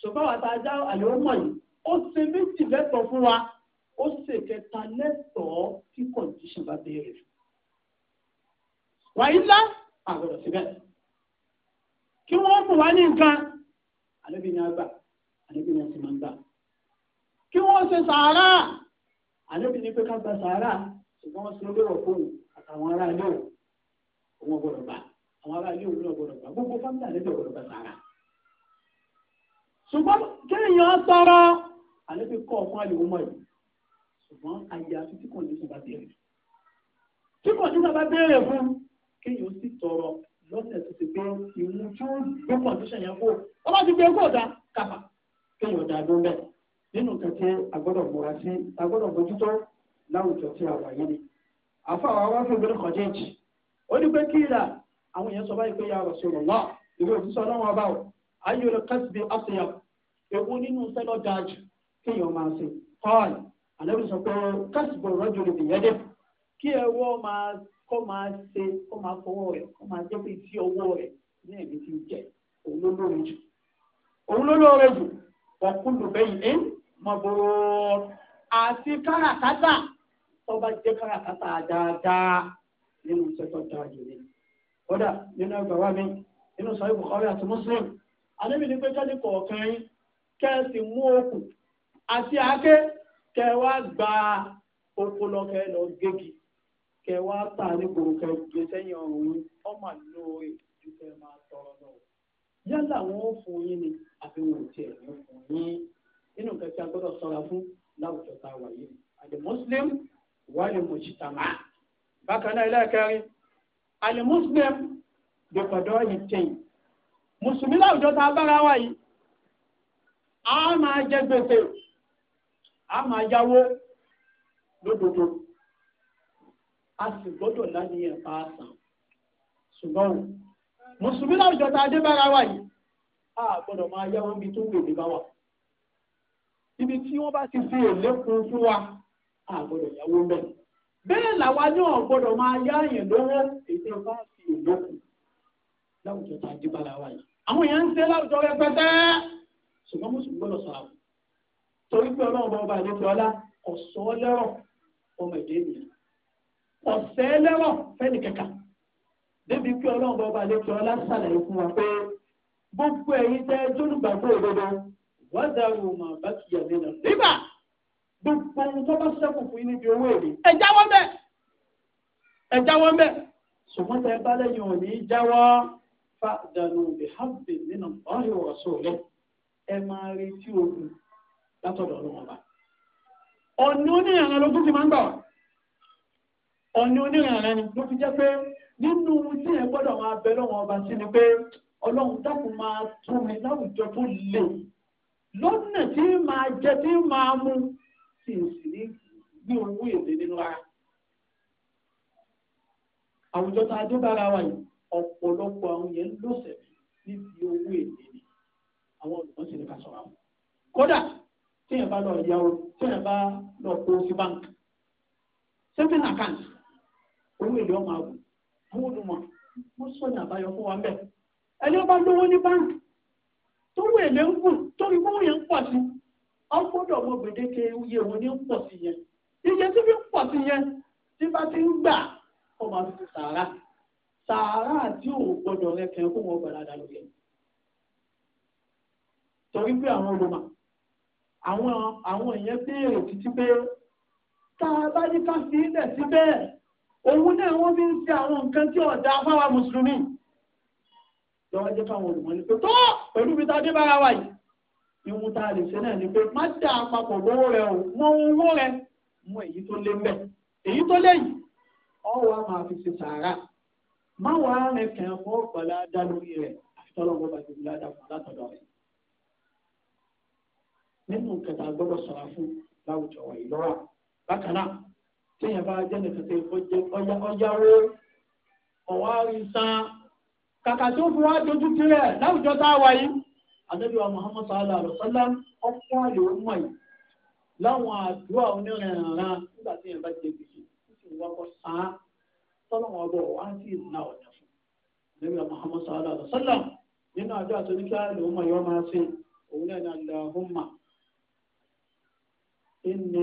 ṣùgbọ́n àwa tá a jẹ àlùmọ yìí ó ṣe méjì lẹ́tọ̀ fún wa ó ṣe kẹta lẹ́tọ̀ tí kọ̀ǹdíṣìn bá béèrè fún wàyí ńlá àgbọ̀dọ̀ síbẹ̀ kí wọ́n fún wa ní nǹkan àlébí ni a gbà àlébí ni a sì máa ń gbà kí wọ́n ṣe sàárà àlébí ni pé ká gba sàárà ṣùgbọ́n wọ́n ṣe lọ́rọ̀ fóun àtàwọn ará ilé òun ọgbọ̀dọ̀ gbà àwọn ará ilé òun ọgbọ̀dọ̀ gbà gbogbo fámìlì àlébí ọgbọ̀dọ̀ gbà sàárà ṣùgbọ́n kéèyàn sọ̀rọ̀ àlébí kọ́ fún àyẹ̀wò mọ́ yìí ṣùgbọ́n àyè àti tí kò ní ìgbà bẹ̀rẹ̀ tí kò ní ìgbà bẹ̀rẹ̀ fún kéèyàn ó sì tọrọ lọ́sẹ̀ tó ti gbé ìmú tí ó gbé kọ̀ǹdíṣàn yẹn kó bá ti gbé e kéèyàn dá ló nínú sí bójútó láwùjọ tí a wà ni obìnrin kan ó ní pé kíìlà àwọn èèyàn sọ báyìí pé ya Rasulullah ìwé òfìsọ ọlọ́run ọba o ayé kásìbí ọ̀sẹ̀yà ewu nínú sẹ́lọ̀ dájú kéèyàn sọ kó máa ṣe kó máa fọwọ́ rẹ̀ kó máa jẹ́ pé tí ọwọ́ rẹ̀ ní ẹ̀mí ti jẹ́ òun ló lóore jù òun ló lóore jù ọ̀kún lùbẹ́yìn ẹ̀ mọ̀bòrò àti káràkátà tó bá jẹ́ dáadáa nínú sẹ́tọ̀ dáadé ni kódà nínú ẹgbẹ̀ wa mi nínú sọ Bukhari àti Muslim àlébi ni pé jáde yín mú àti àáké gba lọ gégi kẹ wá tà ní gbòǹkẹ gbé sẹ́yìn ọrùn yín ọmọ àlọ ètò kẹ máa tọrọ lọ yálà wọn ò fún yín ni àbí wọn ò tiẹ̀ ní fún yín nínú nǹkan tí a gbọ́dọ̀ ṣọ́ra fún láwùjọ tá a wà yìí àlè muslim wà lè mọ ìṣìta mà bákan náà ẹlẹ́ẹ̀kẹrin àlè muslim dọ̀pọ̀dọ̀ yìí tẹ̀yìn mùsùlùmí láwùjọ tá a bára wà yìí a máa jẹ gbèsè a máa yáwó lódodo a sì gbọ́dọ̀ lánìyàn bá a sàn ṣùgbọ́n mùsùlùmí láwùjọ tá a dé bára wa yìí a gbọ́dọ̀ máa yá wọn bí tó wù mí bá wà ibi tí wọ́n bá ti fi èlé fún wa a gbọ́dọ̀ yáwó mẹ́rin bẹ́ẹ̀ làwa náà gbọ́dọ̀ máa yá àyàn lówó èdè bá fi èlé kun láwùjọ tá a dé bára wa yìí àwọn èèyàn ń ṣe láwùjọ rẹpẹtẹ ṣùgbọ́n mùsùlùmí gbọ́dọ̀ sọ̀rọ̀ torí pé ọlọ́run bá ọba àlejò ọ̀sẹ̀ lẹ́wọ̀ fẹ́ni kẹ̀kà débi pé ọlọ́run bọba àlejò ọlá ṣàlàyé fún wa pé gbogbo ẹ̀yin tẹ́ jólùgbàgbọ́ òdodo wọ́n dàrú mọ̀ bá ti yà nínú. nígbà gbogbo ohun tó bá ṣẹ́kù fún yín níbi owó èlé ẹ jáwọ́ mẹ́ ẹ jáwọ́ mẹ́ ṣùgbọ́n tẹ́ bá lẹ́yìn òní jáwọ́ fa dànù bìhábì nínú ọ̀rẹ́ ọ̀ṣọ́ rẹ̀ ẹ máa retí ogun látọ̀dọ̀ ọlọ́run ọba. ọ̀nà oníyàrá lójú ti máa ń gbà wá ọ̀nà onírànlẹ́ ni ló fi jẹ́ pé nínú tí ẹ gbọ́dọ̀ máa bẹ lọ́wọ́ ọba sí ni pé ọlọ́run dákun máa tún mi láwùjọ tó lè lọ́nà tí máa jẹ tí máa mú tí o sì ní gbé owó èlé nínú ara. àwùjọ tá a dé bára wa yìí ọ̀pọ̀lọpọ̀ àwọn yẹn lọ́sẹ̀ níbi owó èlé ni àwọn olùkọ́ sì ní ká sọ̀rọ̀ àwọn. kódà tí ẹ bá lọ yá o tí ẹ bá lọ kó sí báńkì saving account owó èlé ọmọ àwù àwọn olùmọ̀ wọ́n sọ ní àbáyọ fún wa bẹ́ẹ̀ ẹni ó bá lówó ní báńkì tó wọ èlé ń gùn torí owó yẹn ń pọ̀ sí ọgbọ́dọ̀ ọmọ gbèdéke iye òun ní ń pọ̀ sí yẹn iye tí fi ń pọ̀ sí yẹn tí bá ti ń gbà ọmọ àti ti sàárà sàárà tí ò gbọ́dọ̀ rẹ kẹ́ kó wọn gbàládà lórí ẹ̀ torí pé àwọn olùmọ̀ àwọn àwọn èèyàn béèrè títí pé tá a bá ní ká fi ilẹ̀ síbẹ̀ òun náà wọ́n fi ń ṣe àwọn nǹkan tí ọ̀dà fáwa mùsùlùmí lọ́wọ́ jẹ́ fáwọn olùmọ̀ ní pé tó pẹ̀lú mi ta dé bára wa yìí ìwọ̀n ta lè ṣe náà ni pé má dà papọ̀ lówó rẹ o mọ owó rẹ mú èyí tó lé mbẹ èyí tó lé yìí ọwọ́ a máa fi ṣe sàárà má wà á rẹ kàn fún ọ̀pọ̀lá dá lórí rẹ àfitọ́lọ́wọ́ bá ti gbìlá dàpọ̀ látọ̀dọ̀ rẹ. nínú kẹta gbọ́dọ̀ sọ̀rọ̀ fún láwùjọ wọ̀nyí lọ́wọ́ bákan téèyàn bá jẹ́ nìkan ṣe ọjà ọjà owó ọ̀wá rí san kàkà tó fi wá dojú ti rẹ̀ láwùjọ tá a wà yìí àdébíwá Muhammad sallallahu alaihi ọkọ àlè mọ̀ yìí láwọn àdúrà onírìnrìnrán nígbà téèyàn bá jẹ gbèsè ó sì wá kọ san án tọ́lọ́wọ́n ọgbọ̀ wá sí ìlà ọ̀nà fún àdébíwá Muhammad sallallahu alaihi nínú àjọ àtúnikí àlè mọ̀ yìí wọ́n máa ṣe òun náà ní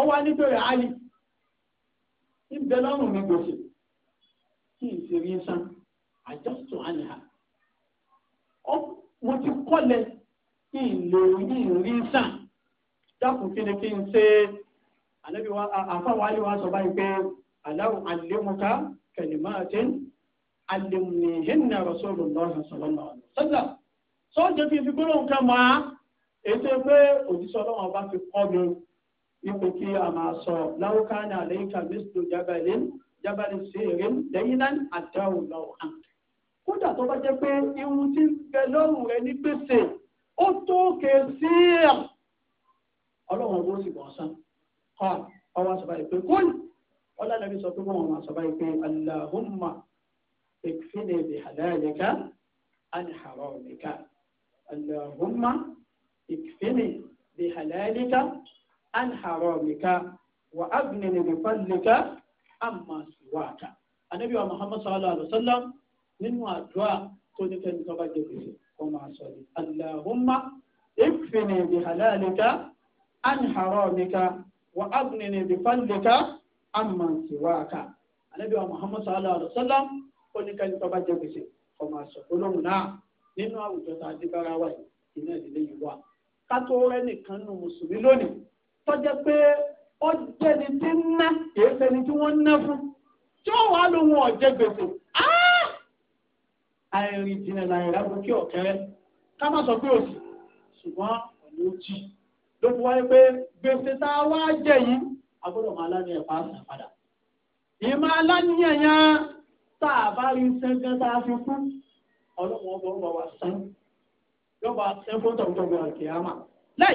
ọwọ́ nítorí àlì ìbẹ̀ lọ́rùn mi gbèsè kí n sì rí san àjọsùn àníhà mo ti kọ́lẹ̀ kí n lè rí rí san dákun kí ni kí n ṣe àfáwọn àlè wa sọ báyìí pé aláwọ̀ àlémùká kẹlìmáàtín àlèmùnìhìnnà rasulullah sallallahu alaihi wasallam sọ́jọ́ kí n fi gbólóhùn kan máa ètò pé òjíṣẹ́ ọlọ́run fi kọ́ mi ipò kí a máa sọ láwùká ní àlẹ́yìnká mẹ́sìlò jábàlẹ́ jábàlẹ́ sèré lẹ́yìn náà àdáwò lọ́wọ́ kódà tó bá jẹ́ pé irun tí ń bẹ lọ́rùn rẹ ní gbèsè ó tó kè sí ẹ̀ ọlọ́run ọgbọ́n sì bọ̀ sán kọ́ ọwọ́ sọ báyìí pé kúl ọlọ́dàbí sọ pé wọ́n máa sọ báyìí aláhùnmá ìfínà ìbí àdáyẹ̀ká àni haramika aláhùnmá ìfínà ìbí àdáyẹ̀ká an haramika wa agnini bi fadlika amma siwaka anabi wa muhammad sallallahu alaihi wa sallam nínú àdúrà tó ní kẹ́ni tó bá jẹ gbèsè kó máa sọ ni allahumma ikfini bi halalika an haramika wa agnini bi fadlika amma siwaka anabi wa muhammad sallallahu alaihi wa sallam ó ní kẹ́ni tó bá jẹ gbèsè kó máa sọ olóhùn náà nínú àwùjọ di bára wa yìí iná ìdílé yìí wà ká tó rẹ́ nìkan tọ́jẹ́ pé ó jẹ́ni tí ń ná kìí ṣẹni tí wọ́n ń ná fún tí ó wàá lóhun ọ̀jẹ́ gbèsè ah! àìrìn jìnnà nàìjíríà bó kí ọ̀kẹ́rẹ́ ká má sọ pé òsì ṣùgbọ́n ọ̀nà ojì ló fi wáyé pé gbèsè tá a wá jẹ yìí a gbọ́dọ̀ máa lánìí ẹ̀fà sàn padà ìmọ̀ aláníyàn yẹn tá a bá rí sẹ́ńgẹ́ tá a fi kú ọlọ́run ọgbọ́n bá wa sẹ́ń yọba sẹ́ńfọ́tọ̀ gbọ́dọ̀ kìí àmà láì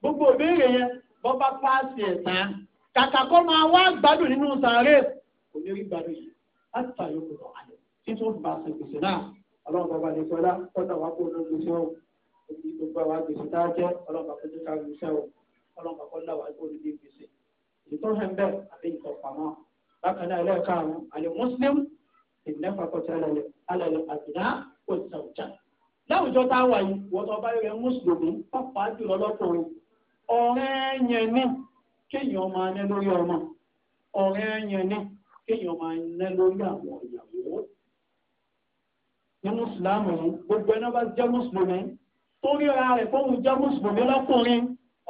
gbogbo ìbéèrè yẹn bọ́ bá páàsì ẹ̀ tán kàkà kọ́ máa wá gbádùn nínú sàárè kò ní rí gbádùn yìí láti ta yòókù lọ àlẹ tí tó bá ṣe gbèsè náà ọlọ́run bàbá lè sọlá kọ́tà wá kó ló gbèsè o òbí gbogbo àwa gbèsè tá a jẹ́ ọlọ́run bàbá tó ká gbèsè o ọlọ́run bàbá kọ́tà wá kó ló dé gbèsè ìtọ́ hẹ́n bẹ́ẹ̀ àbí ìtọ́ pamọ́ bákan náà ẹlẹ́ẹ̀karùn-ún àlẹ́ mùsùlùm ìdílẹ́fà kọ́tà alẹ́ àdìdá kò sàwùjá láwùjọ tá a ọ̀rẹ́ ẹ̀yẹn ní kéèyàn máa ná lórí ọmọ ọ̀rẹ́ ẹ̀yẹn ní kéèyàn máa ná lórí àwọn ìyàwó ní mùsùlùmí gbogbo ẹni bá jẹ́ mùsùlùmí tó ríra rẹ̀ fóun jẹ́ mùsùlùmí lọ́kùnrin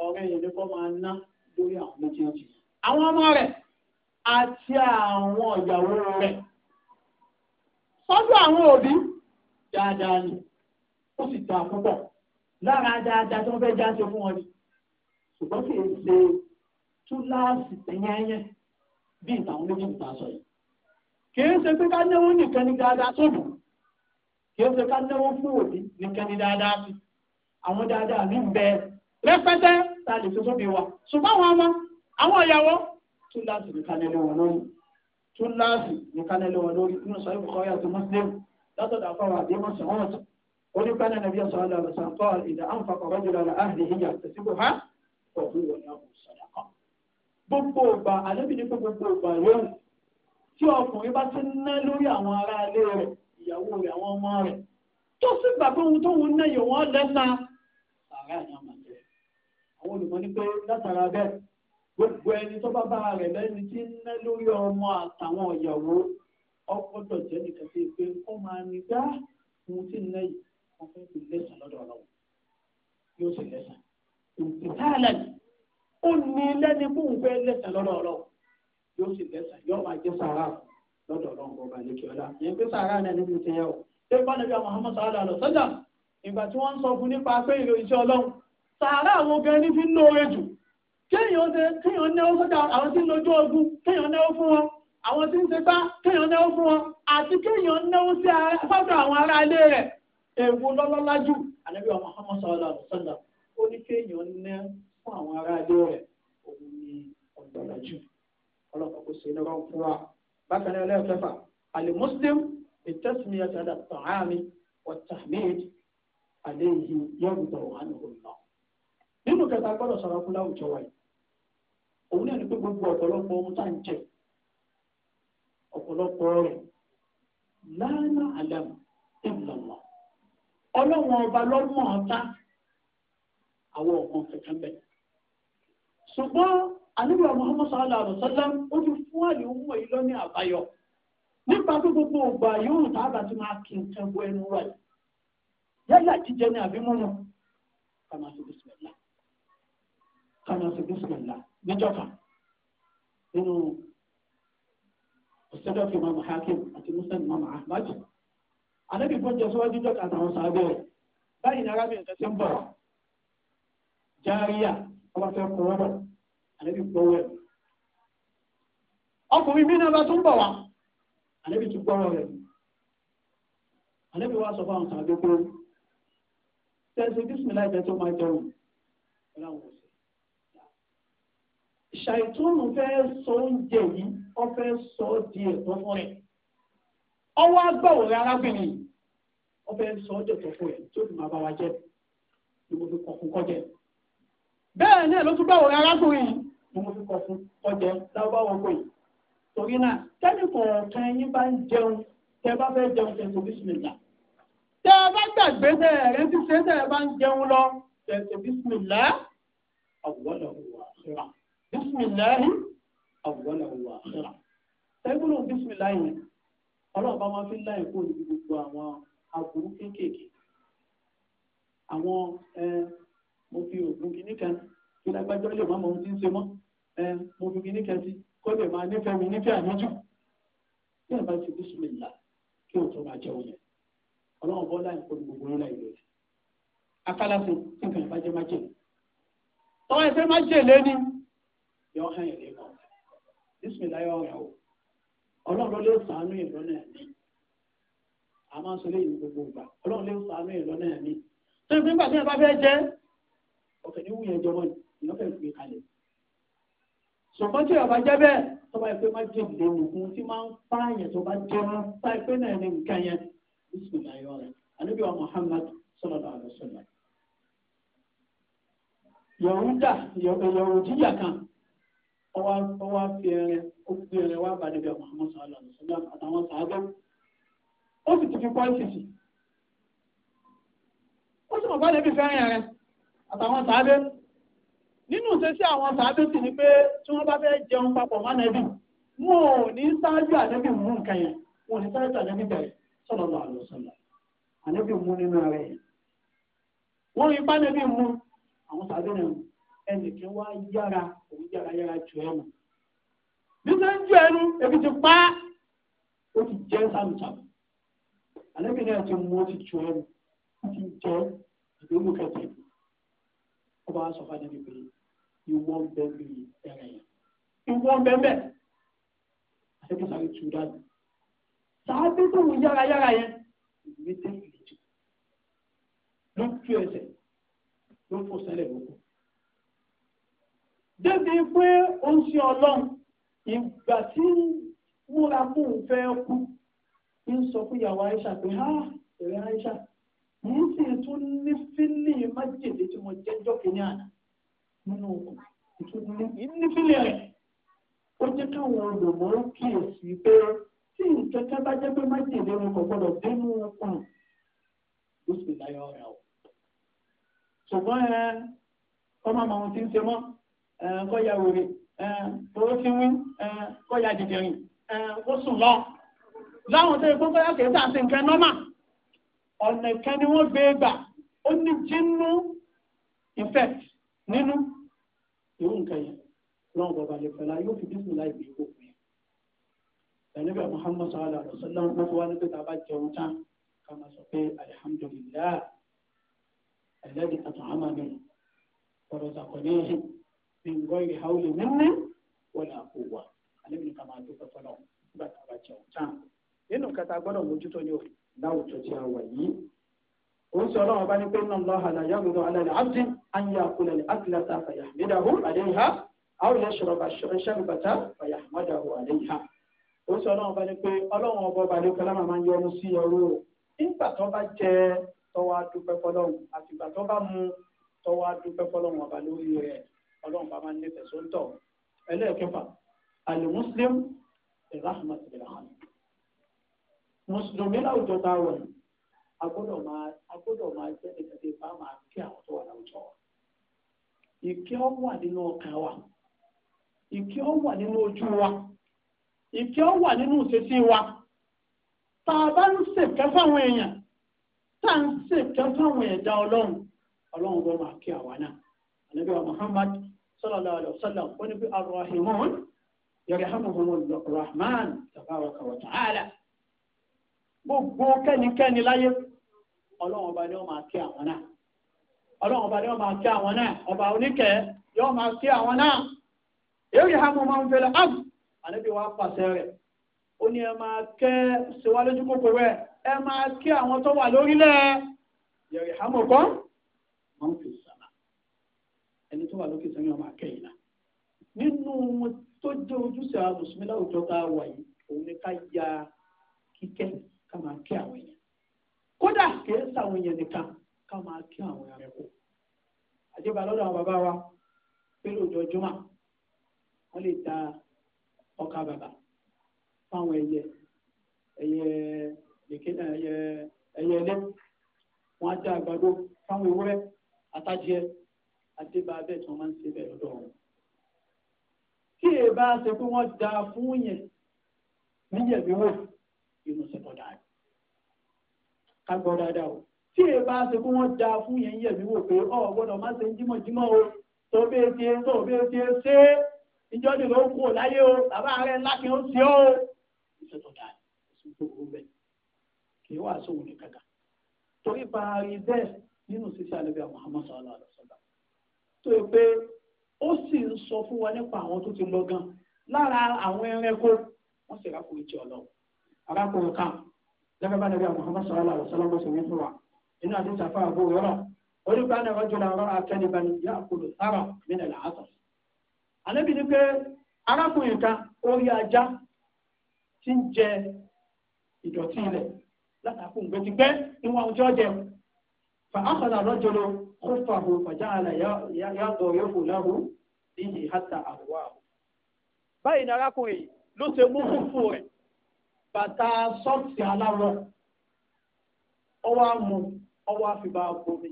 ọ̀rẹ́ ẹ̀yẹn ní kó máa ná lórí àwọn méjèèjì àwọn ọmọ rẹ̀ àti àwọn ìyàwó rẹ̀ sọ́dọ̀ àwọn òbí dáadáa ni ó sì ta púpọ̀ lára dáadáa tó ń fẹ́ jáde fún wọn ni ṣùgbọ́n kì í ṣe túláàsì tẹ̀yẹ́yẹ́ bí nǹkan àwọn méjì nǹkan sọ yìí. kì í ṣe pé ká náwó nìkan ní dáadáa tó dùn kì í ṣe ká náwó fún òbí nìkan ní dáadáa sí àwọn dáadáa mi ń bẹ rẹpẹtẹ tá a lè fi sóbi wa ṣùgbọ́n àwọn ọmọ àwọn ìyàwó túláàsì nìkan lẹ́lẹ́ wọn lórí túláàsì nìkan lẹ́lẹ́ wọn lórí nínú sọ ibùkọ́ yàtọ̀ mọ́sílẹ̀mù látọ̀dọ̀ àfọwọ́ àdéhùn sọ̀rọ̀ wọn ولكان النبي صلى الله عليه وسلم قال إذا أنفق رجل على أهله يحتسبها pẹ̀lú ìwọ̀nyá kò sọ̀dà kan. gbogbo ọgbà àlẹ́bí ní gbogbo ọgbà yóò tí ọkùnrin bá ti ná lórí àwọn ará ilé rẹ̀ ìyàwó rẹ̀ àwọn ọmọ rẹ̀ tó sì gbà pé ohun tó ń ná yìí wọ́n lẹ́nà sàrà ni a máa jẹ. àwọn olùmọ̀ ní pé látara bẹ́ẹ̀ gbogbo ẹni tó bá bára rẹ̀ lẹ́ni tí ń ná lórí ọmọ àtàwọn ìyàwó ọgbọ́dọ̀ jẹ́ nìkan sí pé ó máa ní dá ohun tí ń ná yìí wọ́n fẹ́ fi lẹ́sàn lọ́dọ̀ ọlọ́run yóò sì lẹ́sàn ìtàlẹ̀ ó ní lẹ́ni fóun fẹ́ lẹ́sẹ̀ lọ́dọ̀ ọ̀rọ̀ yóò sì lẹ́sẹ̀ yóò máa jẹ́ sàárà lọ́dọ̀ ọ̀rọ̀ ọ̀gbọ̀n balẹ̀ kí ọlá yẹn pé sàárà náà níbi ti yẹ o ṣé bọ́lá bí Muhammad sallallahu alaihi wasallam ìgbà tí wọ́n ń sọ fún nípa pé ìlò iṣẹ́ ọlọ́run sàárà àwọn obìnrin ní fi ń lóore jù kéèyàn ṣe kéèyàn náwó sọ́jà àwọn tí ń lójú ogun kéèyàn náwó fún wọn àwọn tí ń ṣe bá kéèyàn náwó fún wọn àti kéèyàn náwó sí fọ́dọ̀ àwọn ará ilé rẹ̀ èwo lọ́lọ́lá jù ànábì Muhammad sallallahu alaihi wasallam ó ní kéèyàn ná fún àwọn aráalé rẹ̀ òun ni ọ̀gbọ̀nà jù ọlọ́pàá kò ṣe lọ́rọ̀ fún wa. bákan náà lẹ́ẹ̀kẹfà àlè muslim ìtẹ́sìmí àtàdà tààmì wàtàmíd àléyìí yọ̀gbọ̀n wàhánu òǹlọ. nínú kẹta gbọ́dọ̀ sọ̀rọ̀ fún láwùjọ wa yìí òun náà ní pé gbogbo ọ̀pọ̀lọpọ̀ ohun tá à ń jẹ ọ̀pọ̀lọpọ̀ rẹ̀ lánàá àlẹ́ ọlọ́wọ́n ọba lọ́mọ ọ̀tá àwọn nǹkan kẹ̀kẹ́ mbẹ̀. ṣùgbọ́n àníbà Muhammad sallallahu alaihi wasallam ó ti fún àlè ń wọ̀ yìí àbáyọ nípa tó gbogbo ògbà yóò tààbà tí máa kí nǹkan bọ ẹnu wa yálà jíjẹ ní àbímọ́nà kàmá sí kàmá sí níjọba nínú Hakim àti járíà ọba fẹ́ kọ́ gbọ́wọ́ ẹ̀. ọkùnrin mi náà bá tún bọ̀ wá ànábì tún gbọ́rọ̀ rẹ̀. ànábì wá sọ fáwọn sàn àdókòó tẹ̀sí tó máa jẹun ọ̀sẹ̀. ṣàìtúnù fẹ́ sọ oúnjẹ yìí sọ ọ́ di ọwọ́ agbọ̀wọ̀ rẹ̀ arábìnrin fẹ́ sọ ọ́ dẹ̀tọ́ fún fi máa bá wa jẹ́ kọ̀ọ̀kan bẹ́ẹ̀ náà ló tún bá òun arákùnrin yìí ni mo fi kọ fún ọjẹ lábáwọ pé torí náà tẹ́lẹ̀ kọ̀ọ̀kan yín bá ń jẹun tẹ́ bá fẹ́ jẹun tẹ́ tó bísímìlà tẹ́ ẹ bá gbàgbé tẹ́ ẹ rẹ ti ṣe tẹ́ ẹ bá ń jẹun lọ tẹ́ tó bísímìlà àwòrán òwò àṣírà bísímìlà yìí àwòrán òwò àṣírà tẹ́gbọ́n òun bísímìlà yìí ọlọ́ọ̀bá máa fi láì kó níbi gbogbo àwọn aburú kéékèèké àwọn mo fi oògùn kìíní kan kí lágbájọ́ lè má mọ ohun tí ń ṣe mọ́ mo fi kìíní kan sí kó lè máa nífẹ̀ẹ́ mi nífẹ̀ẹ́ ànájú bí ẹ bá ti bí sùn lè kí o tó máa jẹ oúnjẹ ọlọ́run bọ́ láì kó gbogbo ńlá ìlú rẹ̀ akálàsì tí nǹkan ìbàjẹ́ má jèlé tọ́wọ́ ẹ̀fẹ́ má jèlé ni yọ hàn yẹn lé wọn bísímìlá yọ ọ̀rẹ́ o ọlọ́run ló sàánú ìlú náà ní a máa ń sọ lẹ́yìn gbogbo ìgbà ọlọ́run ló sàánú ìlú náà ní tó ìpínpà tí jẹ́ ọ̀fẹ́ ní wúyẹn jọmọ ìyẹn fẹ́ gbé kalẹ̀. ṣùgbọ́n tí ọba jẹ́ bẹ́ẹ̀ tó bá yẹ pé má jẹ́ ìdè ògùn tí máa ń pààyàn tó bá jẹ́ mọ́ tá ẹ pé náà ní nǹkan yẹn bisimilayi ọ̀rẹ́ ànábì wa Muhammad sallallahu alaihi wasallam. yọ̀rúdà yọ̀rúdíyà kan ọwọ́ fi ẹrẹ ó fi ẹrẹ wá bá níbi Muhammad sallallahu alaihi wasallam àtàwọn sàábẹ́ ó sì ti fi pọ́ńsì sí ó sì mọ̀ bá níbi fẹ́ràn rẹ̀ àtàwọn sàábé nínú ìṣesí àwọn sàábé sì ni pé tí wọ́n bá fẹ́ jẹun papọ̀ mọ́ ànábì wọn ò ní sáájú ànábì mú nǹkan yẹn wọn ò ní sáájú ànábì bẹ̀rẹ̀ sallallahu alaihi wasallam ànábì mú nínú rẹ̀ wọ́n rí ipá ànábì mú àwọn sàábé rẹ̀ ẹnìkan wá yára òun yára yára jù ẹ̀ mọ́ bí sẹ́ ń jù ẹnu èmi ti pa ó ti jẹ́ sàmùsàmù ànábì náà ti mú ó ti jù ẹnu ó ti jẹ́ ìdómù kẹtẹ̀ẹ́ ọba wa sọ fún ànábì pé ìwọ ń bẹ bí ẹrẹ yẹn ìwọ ń bẹ bẹ àtẹkùsàrí tù dáàbò sàábẹ tó wù yára yára yẹn ìwé tẹ́lẹ̀ ìlẹ̀jù ló tú ẹsẹ̀ ló fò sẹ́lẹ̀ lóko débi pé ó ń ṣe ọlọ́run ìgbà tí múra fún un fẹ́ kú ń sọ fún ìyàwó Aisha pé ha èrè Aisha. mo si sì tún ní fílì májèlé tí mo jẹ́jọ́ kìíní àná nínú ìtún ní fílì rẹ̀ ó jẹ́ káwọn olùmọ̀ kíyèsí pé tí nǹkan kan bá jẹ́ pé májèlé wọn kò gbọ́dọ̀ o. ṣùgbọ́n ẹ ọmọ àmọ́ ohun ń ṣe ya wèrè owó wí ya sùn lọ. láwọn tó yẹ kó kọ́ ọ̀nà kan ni wọ́n gbé gbà ó ní jínú effect nínú ìwú nǹkan yẹn lọ́wọ́ bàbá lè fẹ́lá yóò fi dínkù láì bí ìwò pé ẹ̀nẹ́bẹ̀ Muhammad sallallahu alaihi wa sallam wọ́n fi wá ní pé tá a bá jẹun tán ká máa sọ pé alhamdulillah alladhi at'amani wa razaqanihi min ghayri hawli minni wala quwwa alẹ́bìnrin ká máa dúpẹ́ fọlọ́ nígbà tá a bá jẹun tán nínú kẹta gbọ́dọ̀ mójútó ní òfin láwùjọ tí a wà yìí ó sọ ọlọ́run bá ní pé iná lọ́ àlà yàgòdò alẹ́ abdi anya kulẹ̀ akilata fàyà mídàhù àdéhà àwọn yẹn sọ̀rọ̀ bá ṣẹ́gun bàtà fàyà mọ́dàhù àdéhà ó sọ ọlọ́run bá ní pé ọlọ́run ọba ọba ní kọlá màmá ń yọnu sí ọrú o nígbà tó bá jẹ tọwọ́ adúpẹ́ fọlọ́run àtìgbà tó bá mu tọwọ́ adúpẹ́ fọlọ́run ọba lórí rẹ̀ ọlọ́run bá máa ń nífẹ̀ẹ́ sóńtọ̀ ẹlẹ́ẹ̀kẹfà alimuslim rahmatulahi musulumi na tá a a gbọ́dọ̀ ma a gbọ́dọ̀ máa jẹ́ ẹ̀ẹ́dẹ́gbẹ́ bá àwọn tó wà láwùjọ wa ọ wà ọkàn wa ìkẹ́ ọ wà ojú wa ìkẹ́ ọ wà nínú wa tá bá ń èèyàn tá a ń máa kí àwa Muhammad sallallahu alayhi wa sallam rahman tabaraka wa ta'ala. gbogbo kẹ́nikẹ́ni láyé ọlọ́run ọba ni wọ́n máa kí àwọn náà ọlọ́run ọba ni wọ́n máa kí àwọn náà ọba oníkẹ́ yóò máa kí àwọn náà èyí ha máa ń áàbù wa pàṣẹ rẹ̀ ó ní ẹ máa kẹ́ ṣèwá lójú ẹ ma máa kí àwọn tó wà lórílẹ̀ yẹ̀rì máa ń fi sàmà ẹni tó wà lókè sẹ́yìn nínú tó jẹ́ ojúṣe àwọn mùsùlùmí ká máa kí àwọn èèyàn kódà kìí sàwọn èèyàn nìkan ká máa kí àwọn èèyàn rẹ̀ kó àjẹbà lọ́dọ̀ àwọn bàbá wa pẹ̀lú ojoojúmọ́ wọ́n lè da ọkà bàbà fáwọn ẹyẹ ẹyẹ ìkéde ẹyẹ ẹyẹ ẹlẹ wọ́n á dá àgbàdo fáwọn ewúrẹ́ àtàjẹ àdébà abẹ tí wọ́n máa ń ṣe bẹ́ẹ̀ lọ́dọ̀ wọn tí èèbá ṣe pé wọ́n da fún yẹn níyẹn mi wò. Yunus bọ̀dà rẹ̀ ká gbọ́ dáadáa o tí èyí bá ṣe kó wọ́n da fún yẹn yẹ̀ mí wò pé ọ̀ gbọ́dọ̀ má ṣe ń jímọ̀ jímọ̀ o tó bẹ́ẹ̀ ti tó bẹ́ẹ̀ ti ṣe é ìjọ ni ló kú láyé o bàbá rẹ̀ ńlá kí ó ṣe ó iṣẹ́ tó dáa ìṣẹ́ tó burú bẹ́ẹ̀ kì í wá sóhun ní kankan torí parí bẹ́ẹ̀ nínú ṣíṣe àlẹ́bíà Muhammad sallallahu alaihi wasallam tó yẹ pé ó sì ń sọ fún wa nípa àwọn tó ti lọ gan lára àwọn ẹranko wọ́n sì arákùnrin kan gẹ́gẹ́ bá nàbí Muhammad sallallahu alaihi wasallam ṣe wí fún wa inú àti sàfà àbò yọrọ onígbà náà wọ́n jọra ọ̀rọ̀ làásọ̀. àlébi ni pé arákùnrin kan orí ajá ti ń jẹ ìdọ̀tí ilẹ̀ látàkùn ọjọ́ jẹ fa kó fàjà àlà báyìí ni arákùnrin ló ṣe mú rẹ̀ bàtà sọ́ọ̀tì aláwọ̀ ọwọ́ amú ọwọ́ àfibà bomi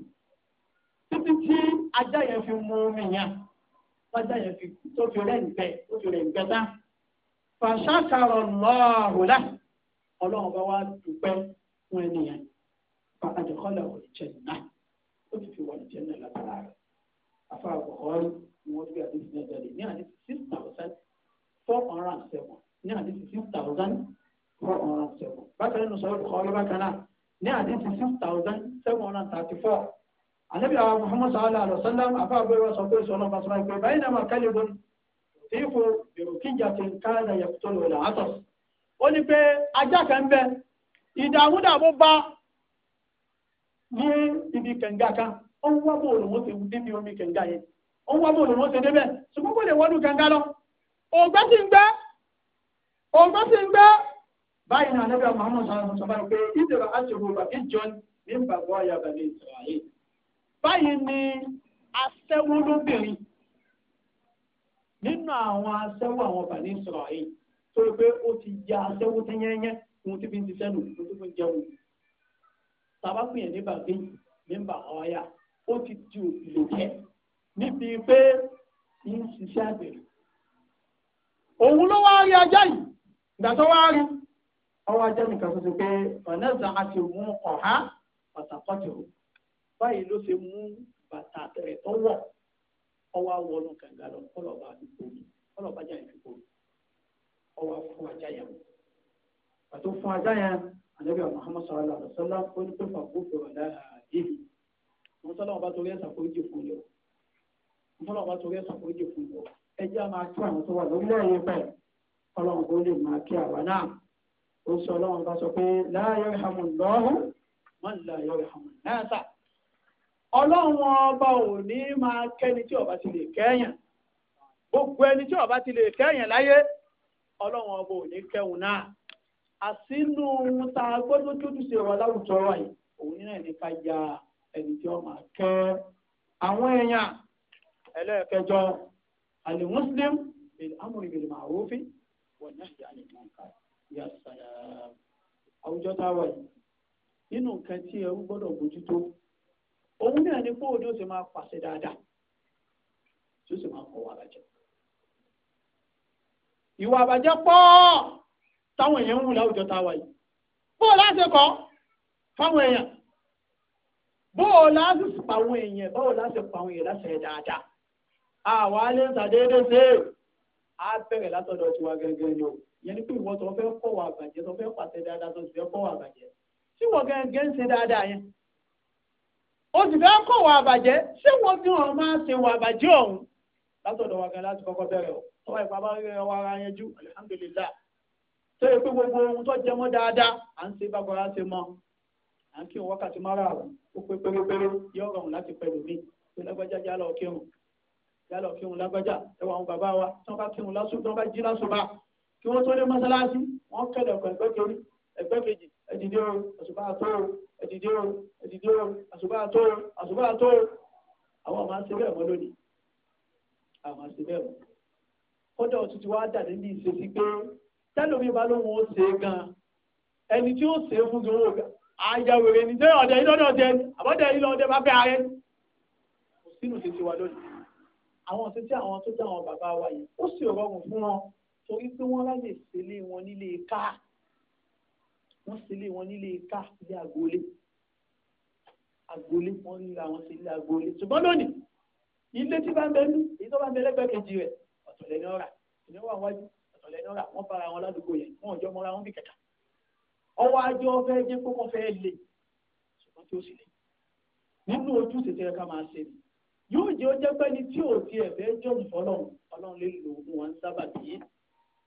títí tí ajá yẹn fi mú omi yẹn ajá yẹn fi tó fi rẹ̀ ń bẹ̀ tó fi rẹ̀ ń bẹ̀ tán fàṣàkàrọ̀ lọ́ọ̀rùlá ọlọ́run bá wá dúpẹ́ fún ẹni yẹn fa àdìkọ́lẹ̀ òrìṣẹ́ náà ó ti fi wọ́n jẹ́ náà látara rẹ̀ afa àkọ́kọ́ ni wọ́n gbé àdìsí náà jáde ní àdìsí six thousand four hundred and seven ní àdìsí six thousand four bákan nínú sọ̀rọ̀ bùkọ́ ọlọ́ba kan náà ní àdínkù six thousand seven hundred and thirty four anabi awa muhammad sallallahu alaihi wa sallam afa abuwa sọ pé sọlọ basra ìpè báyìí náà máa kálí bọ́n tí kò èrò kíjà ti ń ká ẹ̀dà yàtọ̀ lọ́wọ́ àtọ̀ ó ní pé ajá kan bẹ ìdààmúdààmú bá ní ibi kẹ̀ǹgà kan ó ń wá bó olùwọ́n ti débi omi kẹ̀ǹgà yẹn ó ń wá bó olùwọ́n ti débẹ̀ ṣùgbọ́n kò lè wọ́dún kẹ̀ǹgà lọ ògbẹ́ ti ń gbẹ́ ògbẹ́ ti ń gbẹ́ báyìí náà nígbà muhammad sọ̀rọ̀ sọ̀rọ̀ pé ìdèrò àjòwò bàbí john ní gbàgbọ́ ya bàbí israẹli báyìí ni aṣẹ́wó lóbìnrin nínú àwọn aṣẹ́wó àwọn bàbí israẹli tó yẹ pé o ti ya tẹ́yẹ́yẹ́ ń ti sẹ́nu ń ya ti di níbi pé ń ṣiṣẹ́ òun ló wá rí ajá yìí ìgbà tó wá rí i. ọwọ́ ajá nìkan tó ti pé ọ̀nà ìzàkà ti mú ọ̀há pàtàkọ́tì o báyìí ló ti mú bàtà rẹ̀ tó wọ̀ ọwọ́ awọ́nu kànga lọ kọlọ́ba àdúgbò mi kọlọ́ba ajá yẹn fipò ọwọ́ fún ajá yẹn pàtó fún ajá yẹn ànábì Muhammad sallallahu alaihi wasallam ó ní pé fàkó fòrò lára àdéhì wọn sọlá wọn bá torí ẹsà kó jì fún yẹn wọn sọlá wọn bá torí ẹsà kó jì fún yẹn ẹjẹ máa tú àwọn tó wà lórílẹ̀ yẹn pẹ̀ kó lè máa kí àwa náà ó sọ ọlọ́run bá sọ pé la yarhamullahu man la yarhamun nasa ọlọ́run ọba ò ní máa kẹ́ni tí ọba ti lè kẹ́yàn gbogbo ẹni tí ọba ti lè kẹ́yàn láyé ọlọ́run ọba ò ní kẹ́hùn náà àsínú ohun tá a gbọ́dọ̀ tójú sí ọ̀rọ̀ aláwùjọ wa yìí òun náà ní ká ya ẹni tí wọ́n kẹ́ àwọn èèyàn ẹlẹ́ẹ̀kẹjọ alimuslim bil amri bil ma'rufi wan nahyi anil munkar. yà sàyà àwùjọ tá a wà yìí nínú nǹkan tí ẹrú gbọ́dọ̀ bójútó òun náà ni fóònù ó si máa pàṣẹ dáadáa tí ó sì máa kọ̀ wà lájẹ. ìwà àbàjẹ́ táwọn èèyàn ń wù láwùjọ tá a wà yìí bóò láti kọ́ fáwọn èèyàn bóò láti èèyàn bóò láti èèyàn láti dáadáa àwa lè ń yẹn ni pé ìwọ tó fẹ́ kọ́ wà bàjẹ́ tó fẹ́ pàṣẹ dáadáa tó sì fẹ́ kọ́ wà bàjẹ́ ṣé wọ́n gẹ́gẹ́ ń ṣe dáadáa yẹn o sì fẹ́ kọ́ wà bàjẹ́ ṣé wọ́n fi hàn máa ṣe wà bàjẹ́ ọ̀hún látọ̀dọ̀ wa gan láti kọ́kọ́ bẹ̀rẹ̀ o tọ́wọ́ ìpamọ́ rẹ̀ wà ara yẹn jú alihamudulilá tó yẹ pé gbogbo ohun tó jẹ mọ́ dáadáa à ń ṣe bákan á mọ́ à ń kí wákàtí mara ó pé pérépéré yóò rọrùn láti pẹ̀lú mi pé kí wọ́n tó dé mọ́sálásí wọ́n kẹlẹ̀ ọ̀kan ẹgbẹ́ kejì ẹgbẹ́ kejì ẹ̀dìdé o àṣùbà àtó o ẹ̀dìdé o ẹ̀dìdé o àṣùbà àtó o àṣùbà àtó o àwọn máa ń ṣe bẹ́ẹ̀ mọ́ lónìí àwọn máa ń ṣe bẹ́ẹ̀ mọ́ kódà òtútù wa dà níbi ìṣesí pé tẹ́lómi bá lóun ó ṣe é gan ẹni tí ó ṣe é fún gan ayàwèrè ní tẹ́ ọ̀dẹ̀ yìí lọ́dọ̀ ọ̀dẹ̀ àbọ̀dẹ̀ yìí lọ́dẹ̀ bá fẹ́ ààrẹ kò sínú ṣe ti wà lónìí àwọn ṣe tí àwọn torí pé wọ́n láyè sílé wọn nílé ká wọ́n sílé wọn nílé ká ilé agboolé agboolé wọ́n ń ra wọn sí ilé agboolé ṣùgbọ́n lónìí ilé tí bá ń bẹ nú èyí tó bá ń bẹ lẹ́gbẹ̀ẹ́ kejì rẹ̀ ọ̀tọ̀lẹ̀ ní ọ̀rà ìní wà wájú ọ̀tọ̀lẹ̀ ní ọ̀rà wọ́n fara wọn ládùúgbò yẹn wọ́n ọjọ́ mọ́ra wọn bí kẹta ọwọ́ ajọ́ fẹ́ jẹ́ kókó fẹ́ lè ṣùgbọ́n tí ó sì lè nínú ojú tètè ká máa ṣe yóò jẹ́ ó jẹ́ pẹ́ni tí ò tiẹ̀ fẹ́ jọ́ ọlọ́run ọlọ́run lè lò wọn sábà bíi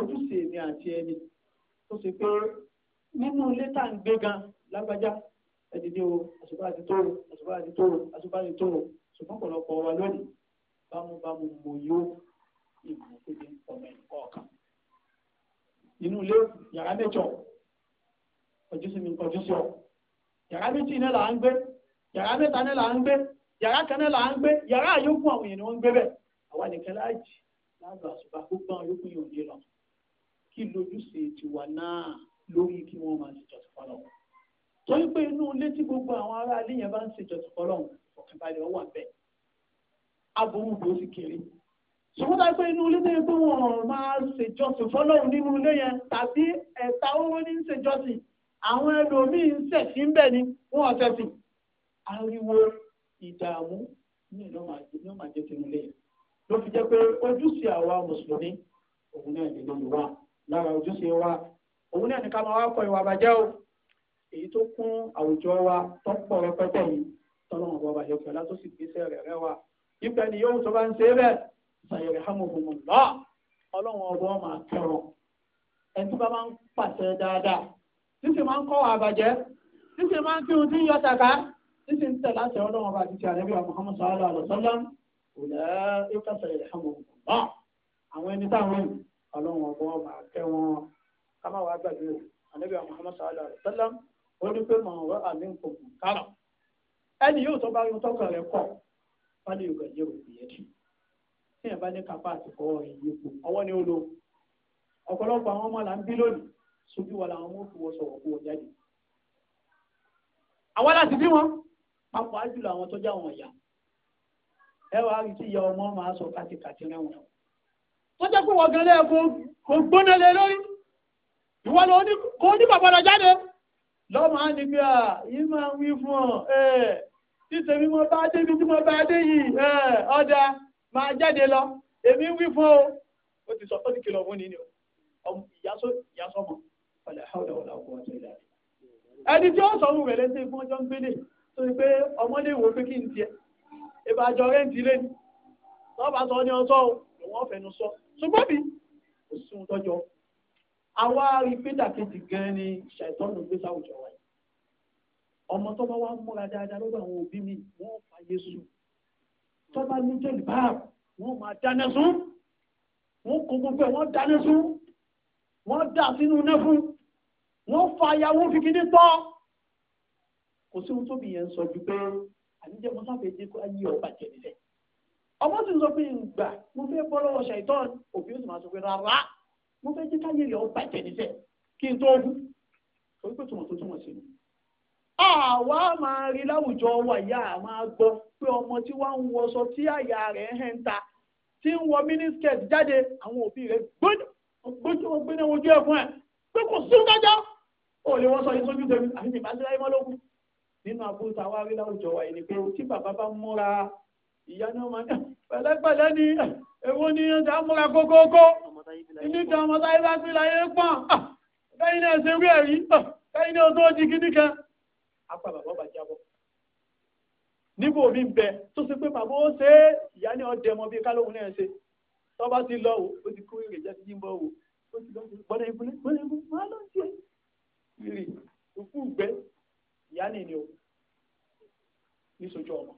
ojúṣe èmi àti ẹni tó ṣe pé nínú lẹ́tà ń gbé gan lágbájá ẹ̀dìdì o àṣùbà àti tóo àṣùbà àti tóo àṣùbà àti tóo ṣùgbọ́n ọ̀pọ̀lọpọ̀ wa lónìí bámúbámú mo yó ìmọ̀ pípé ọmọ ẹ̀kọ́ ọ̀kan inú ilé yàrá mẹ́jọ ojúṣe mi ojúṣe ọ̀ yàrá méjì náà là ń gbé yàrá mẹ́ta náà là ń gbé yàrá kan náà là ń gbé yàrá àyókù àwọn èèyàn ni wọ́n ń gbé bẹ́ẹ̀ àwa nìkan láàjì láàbù àṣùbà gbogbo àwọn yòókù yìí ò ní lọ kí lójúṣe tiwa náà lórí kí wọ́n máa ṣe jọ̀sìn fọlọ́hún. torí pé inú ilé tí gbogbo àwọn ará ilé yẹn bá ń ṣe jọ̀sìn fọlọ́hún ọ̀kẹ́balẹ̀ ọwọ́ àbẹ́ aburú ló sì kéré. ṣùgbọ́n táyé pé inú ilé tó yẹ pé wọ́n máa ṣe jọ̀sìn nínú ilé yẹn tàbí ẹ̀ta owó ní ṣe jọ̀sìn àwọn ẹlòmíì ń ṣẹ̀sìn bẹ́ẹ̀ ni wọ́n ọ̀ṣẹ̀sìn. ariwo ìdààmú ní ìlọ́màjẹ́ tinú ilé yẹn ló fi jẹ́ lára ojúṣe wa òun náà ní ká máa wá kọ ìwà àbàjẹ́ o èyí tó kún àwùjọ wa tó pọ̀ rẹpẹtẹ yìí tọ́lọ́mọ̀ bọ́ bàjẹ́ pẹ̀lú tó sì gbèsè rẹ̀ rẹ̀ wa ìgbà ni yóò tó bá ń ṣe bẹ́ẹ̀ sàyẹ̀rẹ̀ hàmùhùmù lọ ọlọ́run ọba ọmọ akẹrọ ẹni tó bá máa ń pàṣẹ dáadáa títí máa ń kọ́ àbàjẹ́ títí máa ń kí ohun tí ń yọ tàkà títí ń tẹ̀ láti ọlọ́run ọba àti ti àrẹ́bí Muhammad sallallahu alaihi wasallam ọ̀lẹ́ ìkàsẹ̀ ìhàmùhùmù lọ àwọn ẹni táwọn ọlọ́run ọgbọ́n ọba àtẹ wọn ká má wàá gbàgbé o ànábì Muhammad sallallahu alaihi wasallam ó ní pé màá rọ àmì ń kòkò kárà ẹni yóò tó bá rí tọkàn rẹ kọ wọn ní yorùbá yẹ òkú yẹ kí tí yẹn bá ní kápá àti fọwọ́ rẹ yí ipò ọwọ́ ni ó lo ọ̀pọ̀lọpọ̀ àwọn ọmọ là ń bí lónìí ṣojú wa làwọn ọmọ òkú wọ sọ̀rọ̀ kó wọ́n jáde àwọn láti bí wọn papọ̀ á jùlọ àwọn wọn yà ẹ wàá rí tí ìyá ọmọ máa sọ kátikàti rẹ wọn tó jẹ́ pé wọ́n gan lẹ́ẹ̀kún kò gbóná lé lórí ìwọ ló kò ní bàbá rẹ̀ jáde lọ́mọ á ní bí a yìí máa ń wí fún ọ títẹ̀ mi mo bá dé ibi tí mo bá dé yìí ọ̀dà máa jáde lọ èmi ń wí fún o ó ti sọ ó ti kìlọ̀ fún ni ni o ìyá sọmọ ọ̀lẹ̀ ọ̀dà ọ̀là ọkọ̀ ọ̀tọ̀ ìlà ẹni tí ó sọ ohun rẹ̀ lẹ́sẹ̀ fún ọjọ́ ń gbélé tó ti pé ọmọ lè pé kí n tiẹ̀ ìbàjọ́ rẹ̀ ń tilé ni wọ́n bá sọ ní ọsọ́ òun ọ̀fẹ́ nu sọ ṣùgbọ́n mi kò sí ohun tọ́jọ́ àwa rí pédà kejì gan-an ni ṣàìtọ́nù gbé sáwùjọ wa yìí ọmọ tó bá wá ń múra dáadáa lọ́dọ̀ àwọn òbí mi wọ́n fa Jésù tó bá ní jẹ́lì báàbù wọ́n máa dáná sún wọ́n kó gbogbo ẹ̀ wọ́n dáná sún wọ́n dà sínú nẹ́fún wọ́n fa ayáwó fi kíní tọ́ kò sí ohun tóbi yẹn ń sọ ju pé àníjẹ́ mọ́sáfẹ́ dé kó ayé ọba jẹ̀ ọmọ sì ń sọ pé ìgbà mo fẹ́ bọ́ lọ́wọ́ ṣàìtàn òfin oṣù máa sọ pé rárá mo fẹ́ jẹ́ káyé rẹ̀ ọba ìtẹ̀níṣẹ́ kí n tó hù torí pé tòmọ̀ tó túmọ̀ sí mi. àwa máa rí láwùjọ wa ìyá máa gbọ́ pé ọmọ tí wọ́n ń wọṣọ tí àyà rẹ̀ ń hẹ́ ń ta tí ń wọ mínísítẹ̀t jáde àwọn òbí rẹ̀ gbójú ọgbẹ́ni ojú ẹ̀ fún ẹ̀ pé kò sí dájọ́ ò lè wọ́n yìí sójú wa yìí ni pé tí bàbá ìyá náà máa ní pẹ̀lẹ́pẹ̀lẹ́ ni èwo ni ọjà múra kókókó níta ọmọ táyé bá fi láyé pọ́n kẹ́yìn náà ṣe wí ẹ̀rí kẹ́yìn náà tó di kíní kan apá bàbá bàjẹ́ bọ́ níbo bẹ tó ṣe pé bàbá ó ṣe é ìyá ni ọdẹ mọ bíi kálóhùn náà ṣe tó bá ti lọ wò ó ti kú ìrè jẹ́ ti ń bọ̀ wò ó ti lọ gbọ́dọ̀ ìbúlé gbọ́dọ̀ ìbúlé wọ́n á lọ sí ìrì òkú ìgbẹ́ ìyá nìyí o ní sojú ọmọ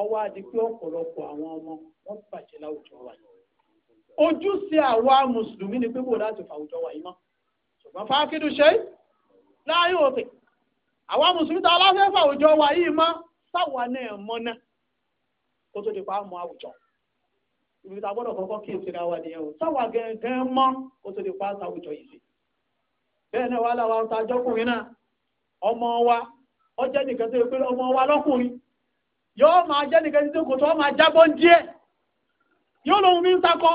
ọwọ́ adi pé ọ̀pọ̀lọpọ̀ àwọn ọmọ wọn bàjẹ́ láwùjọ wa yìí ojúṣe àwa mùsùlùmí ni pé kò láti fa àwùjọ wa yìí mọ́ ṣùgbọ́n fákídù ṣe láàyè òtè àwa mùsùlùmí tá a láfẹ́ fa àwùjọ wa yìí mọ́ sáwa náà mọ́ náà kó tó di pa á àwùjọ ibi tá a gbọ́dọ̀ kọ́kọ́ kí èsì ra wa nìyẹn o sáwa gẹ́gẹ́ mọ́ kó tó di pa á sáwùjọ yìí bẹ́ẹ̀ náà wà láwa ọ̀tá ajọ́kùnrin náà ọmọ wa ọjẹ́ nìkan tó yẹ pé ọmọ wa lọ́kùnrin yóò máa jẹ́ nìkan tí kò tó máa jábọ́ díẹ̀ yóò lóhun mi ń sakọ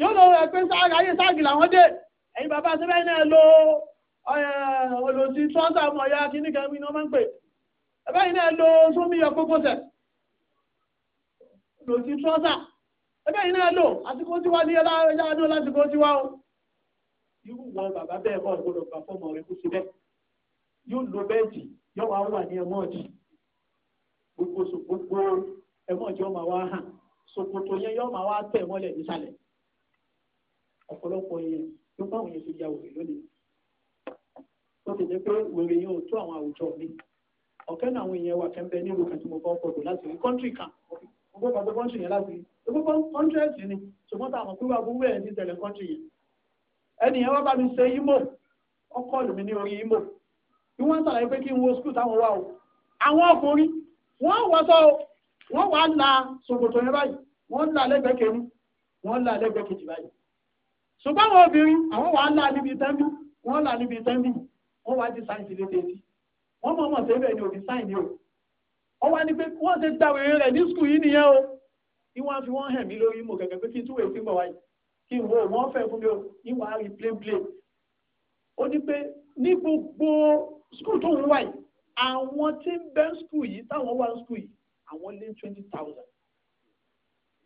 yóò lóhun ẹgbẹ́ ayé sáàgì làwọn dé ẹ̀yin bàbá síbẹ̀ náà lo olùsí tọ́sà ọmọ ọ̀yá kìíní kan mi ni wọ́n máa ń pè ẹ̀bẹ́ yìí náà lo súnmí ọkọ̀ pọ̀sẹ̀ olùsí tọ́sà ẹ̀bẹ́ yìí náà lo àsìkò tiwa ní ẹlá ẹja ní lásìkò tiwa o irú wọn bàbá bẹ́ẹ̀ bọ́ọ̀ gbọ́dọ̀ gbà fọ́ọ̀mù ọ̀rẹ́ kó síbẹ̀ yóò lo bẹ́ẹ̀dì yóò wá wà gbogbo gbogbo ẹ̀mọ́ ìjọ máa wá hàn ṣòkòtò yẹn yọ máa wá tẹ̀ mọ́lẹ̀ nísàlẹ̀ ọ̀pọ̀lọpọ̀ yẹn ló bá àwọn yẹn ti ya wèrè lónìí ó ti jẹ́ pé wèrè yẹn ò tó àwọn àwùjọ mi ọ̀kẹ́ náà àwọn èèyàn wà kẹ́ńbẹ́ ní ìlú kan tí mo bá ń pọ̀ láti rí kọ́ńtì kan mo gbọ́ pàtó kọ́ńtì yẹn láti rí gbogbo kọ́ńtì ẹ̀sìn ni ṣùgbọ́n táwọn pé wà gbogbo ẹ̀ ní tẹ̀lé kọ́ńtì yẹn ẹnì yẹn wá bá mi ṣe imo ọkọ lùmí ní orí imo bí wọ́n ń sàlàyé pé kí n wo skul táwọn wà o àwọn ọkùnrin wọ́n wọ́sọ́ wọ́n wà la ṣòkòtò yẹn báyìí wọ́n la lẹ́gbẹ̀ẹ́ kẹrin wọ́n la lẹ́gbẹ̀ẹ́ kejì báyìí ṣùgbọ́n àwọn obìnrin àwọn wà la níbi tẹ́ńbì wọ́n la níbi tẹ́ńbì wọ́n wá di sáyẹ̀nsì létí etí wọ́n mọ̀ mọ̀ sẹ́bẹ̀ ni òbí o wọ́n wá ní pé wọ́n ti da rẹ̀ ní yìí nìyẹn o fi wọ́n hẹ̀ mí lórí àwọn tí ń bẹ́ skul yìí táwọn wà skul yìí àwọn lé twenty thousand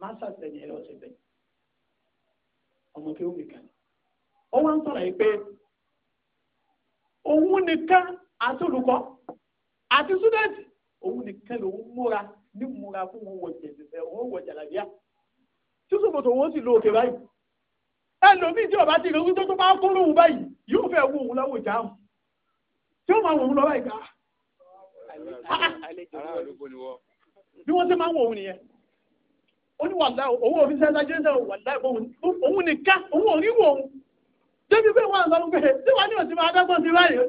masters lẹ́yìn ẹ̀rọ ọ̀sẹ̀ bẹ́ẹ̀ ọmọ kí ó nìkan ó wá ń sọ̀rọ̀ yìí pé òun nìkan àti olùkọ́ àti súdẹ̀tì òun nìkan lòun múra ní múra fún òun wọ̀jẹ̀ ìfẹ́ òun wọ̀jẹ̀ làbíà tí sòkòtò òun sì lo òkè báyìí ẹlòmíì tí ọba ti rí ojú tó tó bá kúrò òun báyìí yóò fẹ́ wo òun láwùjá tí ó máa wọ̀ òun lọ báyìí káà bí wọ́n ṣe máa ń wò ó nìyẹn ó ní wàlá owó òfin sẹ́ńtà jẹ́ sẹ́ńtà wàlá òun nìkan òun ò rí wò ó débi pé wọ́n sọ pé tí wọ́n ní òsì máa dọ́gbọ́n sí báyìí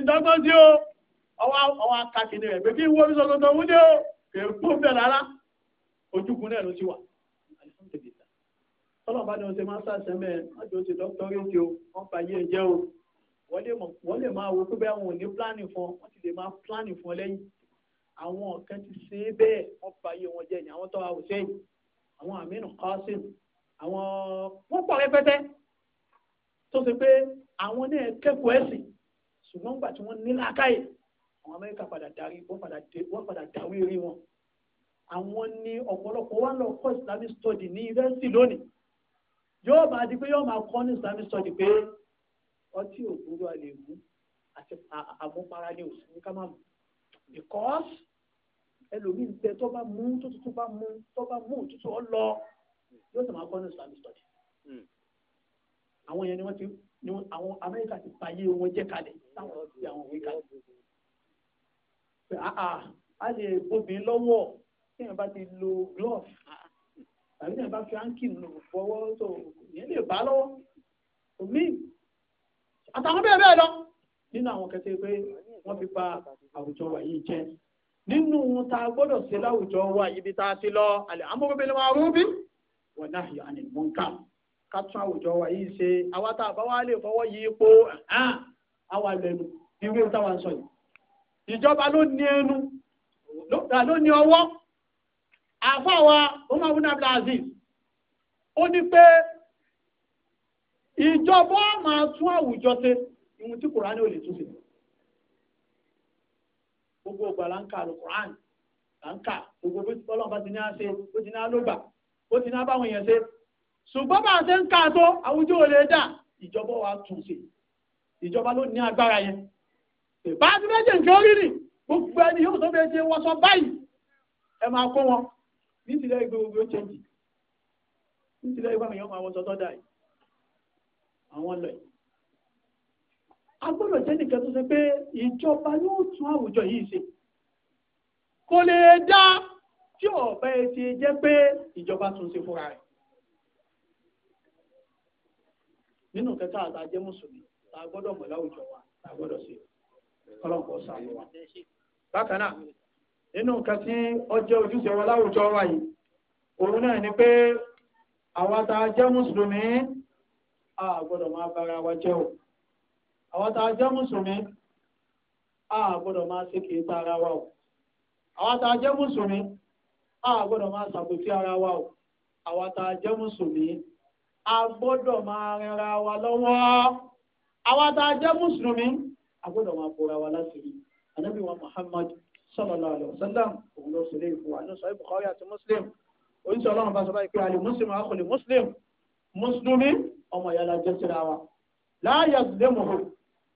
ìdọ́gbọ́n ah, sí o ọwọ́ akákìní rẹ̀ pé kí wọ́n fi sọ̀tọ̀ tó wúdé o kò gbó bẹ̀ rárá ojúkun náà ló ti wà. tọ́lọ̀ bá ní ọ̀sẹ̀ máa ń sàṣẹ́ mẹ́ẹ̀ wọ́n jọ ti dọ́kítọ́rì ti o wọ́n fàyè ẹ̀jẹ̀ o wọ́n lè máa wo pé bẹ́ẹ̀ wọn ò ní pílánì fún ọ wọ́n ti lè máa pílánì fún ọ lẹ́yìn àwọn kan ti ṣe é bẹ́ẹ̀ wọ́n ba iye wọn jẹ́ ni àwọn tó wà wò sẹ́yìn àwọn Aminu Kasim àwọn wọ́n pọ̀ rẹpẹtẹ tó ṣe pé àwọn náà kẹ́kọ̀ọ́ ẹ̀sìn ṣùgbọ́n nígbà tí wọ́n ní làákàyè àwọn Amẹ́ríkà padà darí wọ́n padà dé wọ́n padà dáwé rí wọn àwọn ní ọ̀pọ̀lọpọ̀ wà lọ kọ́ Islamic study ní yunifásitì lónìí yóò máa di pé yóò máa kọ́ ní Islamic study pé ọtí òkúrú a lè mú àti àmupara ni òsì ní ká má mú because ẹlòmíín bẹ tó bá mú tó tuntun bá mú tó bá mú òtútù ọ lọ yóò tẹ̀ máa kọ́ ní Islamic study hmm. àwọn yẹn ni wọ́n ti ni àwọn Amẹ́ríkà ti báyé wọn jẹ́ kalẹ̀ táwọn ọ̀sìn àwọn òwe kalẹ̀ pé a lè obìnrin lọ́wọ́ tí èèyàn bá ti lo glove tàbí tí bá fi hankin lò fọwọ́ tó ìyẹn lè bá lọ́wọ́ omi àtàwọn bẹ́ẹ̀ bẹ́ẹ̀ lọ nínú àwọn kẹsẹ̀ pé wọ́n fi ba àwùjọ wa yìí jẹ́ nínú wọn tá a gbọ́dọ̀ ṣe láwùjọ wa ibi tá a ti lọ àlẹ́ amru bil ma'rufi wa nahyi anil munkar ká tún àwùjọ wa yìí ṣe àwa tá a bá wá lè fọwọ́ yí ipò àwa lẹ́nu ìwé táwa ń sọ yìí ìjọba ló ní ẹnu ló ní ọwọ́ àfọwà Umar ibn Abdul ó ní pé ìjọba máa tún àwùjọ ṣe ìhun tí kùránì ò lè tún gbogbo ọgbà là ń kà lọ kùránì là ń kà gbogbo ti bá ti ní á ṣe bó ti ní á a ṣe ń kà tó àwùjọ ò lè dà ìjọba wa tún ṣe ìjọba ló ní agbára yẹn bá a ti méjì nǹkan orí nì gbogbo ẹni yóò tó bẹ́ẹ̀ ṣe báyìí ẹ máa kó àwọn lọ yìí a gbọ́dọ̀ jẹ́ nìkan tó ṣe pé ìjọba yóò tún àwùjọ yìí ṣe kò lè dá tí ọ̀bẹ ti jẹ́ pé ìjọba tún ṣe fúnra rẹ̀ nínú kẹta àgbà ajé mùsùlùmí ta gbọ́dọ̀ mọ̀ láwùjọ wa ta gbọ́dọ̀ ṣe kọ́lọ́ǹkọ́ sàánú wa bákan náà nínú nǹkan tí ọjọ́ ojúṣe wa láwùjọ wa yìí òun náà ni pé àwa ta jẹ́ mùsùlùmí a gbọ́dọ̀ máa bára wa jẹ́ o àwọn tá a jẹ́ mùsùlùmí a gbọ́dọ̀ máa ṣe kì ta ara wa o àwọn tá a jẹ́ mùsùlùmí a gbọ́dọ̀ máa ṣàkóso ara wa o àwọn tá a jẹ́ mùsùlùmí a gbọ́dọ̀ máa rìnra wa lọ́wọ́ àwọn tá a jẹ́ mùsùlùmí a gbọ́dọ̀ máa bora wa láṣìírí anabi wa muhammad sallallahu alayhi wa sallam òun ló ṣẹlẹ̀ ìfowó àná sọ ibùkọ́ àti muslim oníṣẹ́ ọlọ́run bá sọ báyìí pé àlè muslim àkọlé muslim mùsùlùmí ọmọ ya la jẹ́ wa láàyè lémùhù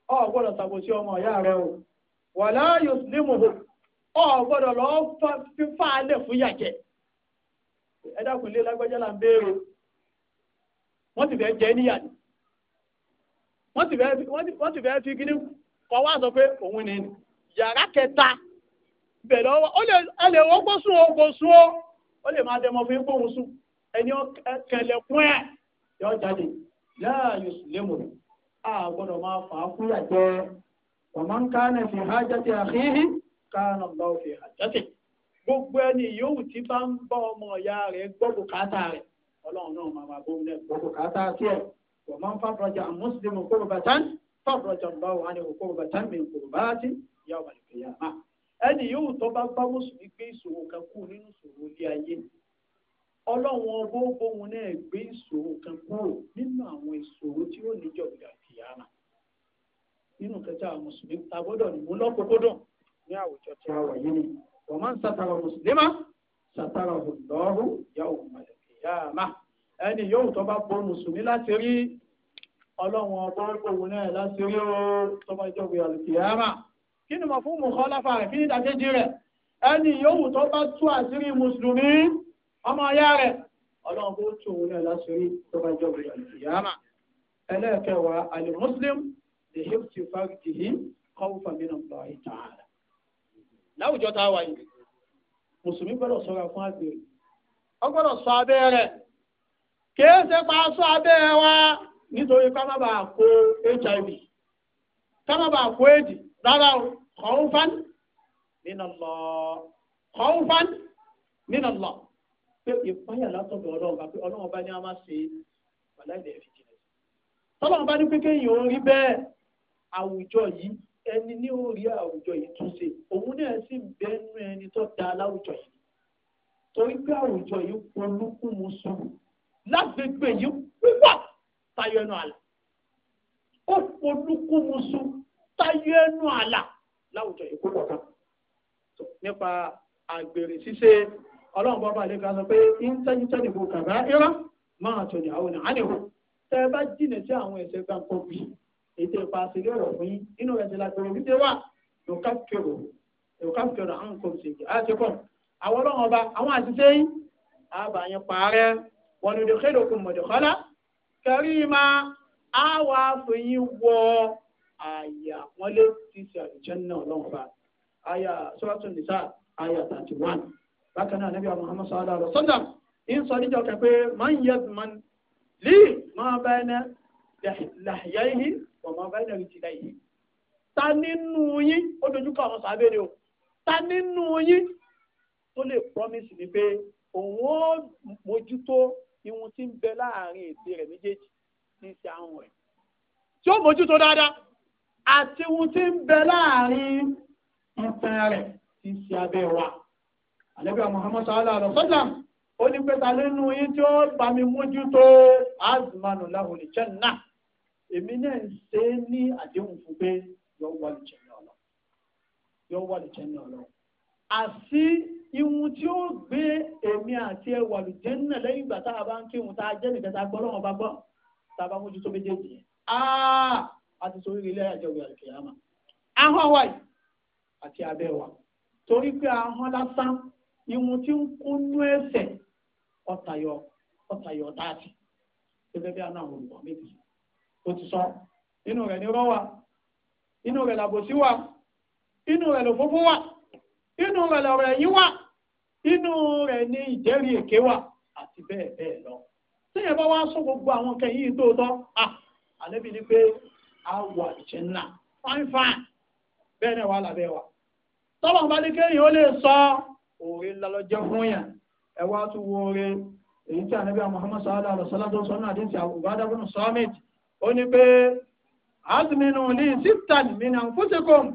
ọ ọmọ ya rẹ o wà láàyè lémùhù ọ lọ fífa alẹ̀ fún yàjẹ́ ẹ dákun là ń béèrè wọ́n ti fẹ́ jẹ́ wọ́n ti fẹ́ fi kọ́ wá sọ pé òun ni yàrá kẹta bẹ̀rẹ̀ ọwọ́ ó lè wọ́n ó ó lè máa yọ jáde láàyò sùlẹmù a gbọ́dọ̀ máa fà á kúrò àjẹ ọmọ nǹkan náà fi hájàtì àhíhí kánà lọ fi hájàtì gbogbo ẹni yòówù tí bá ń bá ọmọ ìyá rẹ̀ gbọ́ bùkátà rẹ̀ ọlọ́run náà máa máa bó ń lẹ̀ gbọ́ bùkátà tiẹ̀ wọ́n máa ń fàbọ̀jà àmúsùlùmù kúrò bàtán fàbọ̀jà ń bá ní kúrò bàtán mi kúrò bá ti yà ọ̀bàlùkẹ́yà má ẹni yòówù tó bá bá mùsùlùmí gbé ìṣòro kan kú nínú ìṣòro ilé ayé ọlọ́run ọba ó bóun náà gbé ìṣòro kan kúrò nínú àwọn ìṣòro tí ó níjọ ìyàmà nínú kẹta àwọn mùsùlùmí ta gbọ́dọ̀ nìmú lọ́kọ̀ọ́dọ̀ ní àwùjọ tí a wà yìí ni wọ́n máa ń sàtàrà mùsùlùmá sàtàrà ọ̀dọ́rù yàwó ìyàmà ẹni yóò tó bá bo mùsùlùmí láti rí ọlọ́run ọba ó náà láti rí ó tó bá jọ ni mo fún mùkọ́ láfa rẹ̀ kí ni ìdàkejì rẹ̀ ẹni yóò tó bá tú àṣírí mùsùlùmí. ọmọ ọyá rẹ̀ ọlọ́run bó tún òun náà láṣìírí tó bá jọ bẹ̀rẹ̀ ìyáàmà ẹlẹ́ẹ̀kẹwàá alẹ́ muslim lè ṣe ti fàájìhì kọ́wọ́ fàmínà bá ìta ààrẹ. láwùjọ tá a wà yìí mùsùlùmí gbọ́dọ̀ fún àgbèrè Ọ gbọ́dọ̀ kìí ṣe pa wa nítorí kó hiv kó èdè rárá o nínú lọ pé ìpáyà látọ̀dọ̀ ọlọ́run bá pé ọlọ́run bá ní a máa ṣe wàláìdẹ̀ fi jìnà sí. tọ́lọ́run bá ní pé kéèyàn ò rí bẹ́ẹ̀ àwùjọ yìí ẹni ní ó rí àwùjọ yìí tún ṣe òun náà sì ń bẹ́nu ẹni tó da láwùjọ yìí torí pé àwùjọ yìí polúkúmuṣu lágbègbè yìí pípà tayọ ẹnu àlà ó polúkúmuṣu tayọ ẹnu àlà láwùjọ yìí kó pọ̀ kan nípa àgbèrè ṣíṣe ọlọ́run bọ́ bá lẹ́ka sọ pé íńtẹ́nítẹ́nì kò kàbá irọ́ máa tọ̀lé àwọn àníhù tẹ́ ẹ bá jìnà sí àwọn ẹ̀ṣẹ̀ gbàǹkọ́ bí ètò ìpàṣẹlẹ ọ̀rọ̀ fún yín inú ẹ̀ṣẹ̀ la gbèrò wípé wà lóka kẹrò lóka kẹrò àwọn kò sì kí á ti pọ̀ àwọn ọlọ́run ọba àwọn àṣìṣe yín àbà yẹn pààrẹ wọn ò dèkè lókun mọ̀dẹ̀kọ́lá kẹrí ma á wà fún yín wọ àyà wọn lé ti ṣe àlùjẹ́ náà ọlọ́run ọba àyà sọ́rọ́tún nìṣà àyà thirty one bákan náà níbi àwọn Muhammad sallallahu alaihi wasallam ń sọ níjọ kẹ pé man yazman li ma bayna lahyayhi wa ma bayna rijlayhi ta nínú yín ó dojú kọ àwọn sàbẹ̀rẹ̀ o ta nínú yín tó lè promise ni pé òun ó mójútó ihun tí ń bẹ láàrin ètè rẹ̀ méjèèjì ní ti àwọn rẹ̀ tí ó mójútó dáadáa àti ohun tí ń bẹ láàrin ìtàn rẹ̀ ti ṣe abẹ́ wa àlẹ́bíà muhammad sallallahu alaihi wa sallam ó ní pẹ́ta lẹ́nu yín tí ó bá mi mójútó azmanu lahu li janna èmi náà ń ṣe é ní àdéhùn fún pé yọ wà lè jẹ́ náà lọ yọ wà lè jẹ́ náà lọ. àti ìhun tí ó gbé èmi àti ẹwà lè jẹ́ náà lẹ́yìn ìgbà tá a bá ń kírun tá a jẹ́ nìkan tá a gbọ́ lọ́wọ́ bá gbọ́ tá a bá mójútó méjèèjì yẹn. a ti sọ orí ilé ayájọ́ ìwé àlùkìyàmà. ahọ́n wa àti abẹ́ wa torí pé ahọ́n lásán ìwọ̀n tí ń kúnú ẹsẹ̀ ọ̀tàyọ̀ ọ̀tàyọ̀ dáàtì gẹ́gẹ́ bí aná àwọn olùkọ́ méjì ó ti sọ inú rẹ̀ ní rọ́wà inú rẹ̀ làbòsí wà inú rẹ̀ lòfófó wà inú rẹ̀ lọ̀rọ̀ ẹ̀yìn wà inú rẹ̀ ní èké wà àti bẹ́ẹ̀ bẹ́ẹ̀ lọ téèyàn bá wá sọ gbogbo àwọn kẹyìn tóótọ́ à àlébi ni pé a wà ìjẹ́ ńlá fáńfáń bẹ́ẹ̀ náà wà lábẹ́ wa tọ́lọ̀ bá ní kéèyàn ó lè sọ òòrè ńlá lọ́jọ́ fún yàn ẹ wá tún wo oore èyí tí ànábì Muhammad sallallahu alaihi wasallam tó ń sọ náà àdéhùn Ubadah ibn ó ní pé azminu li sittan min anfusikum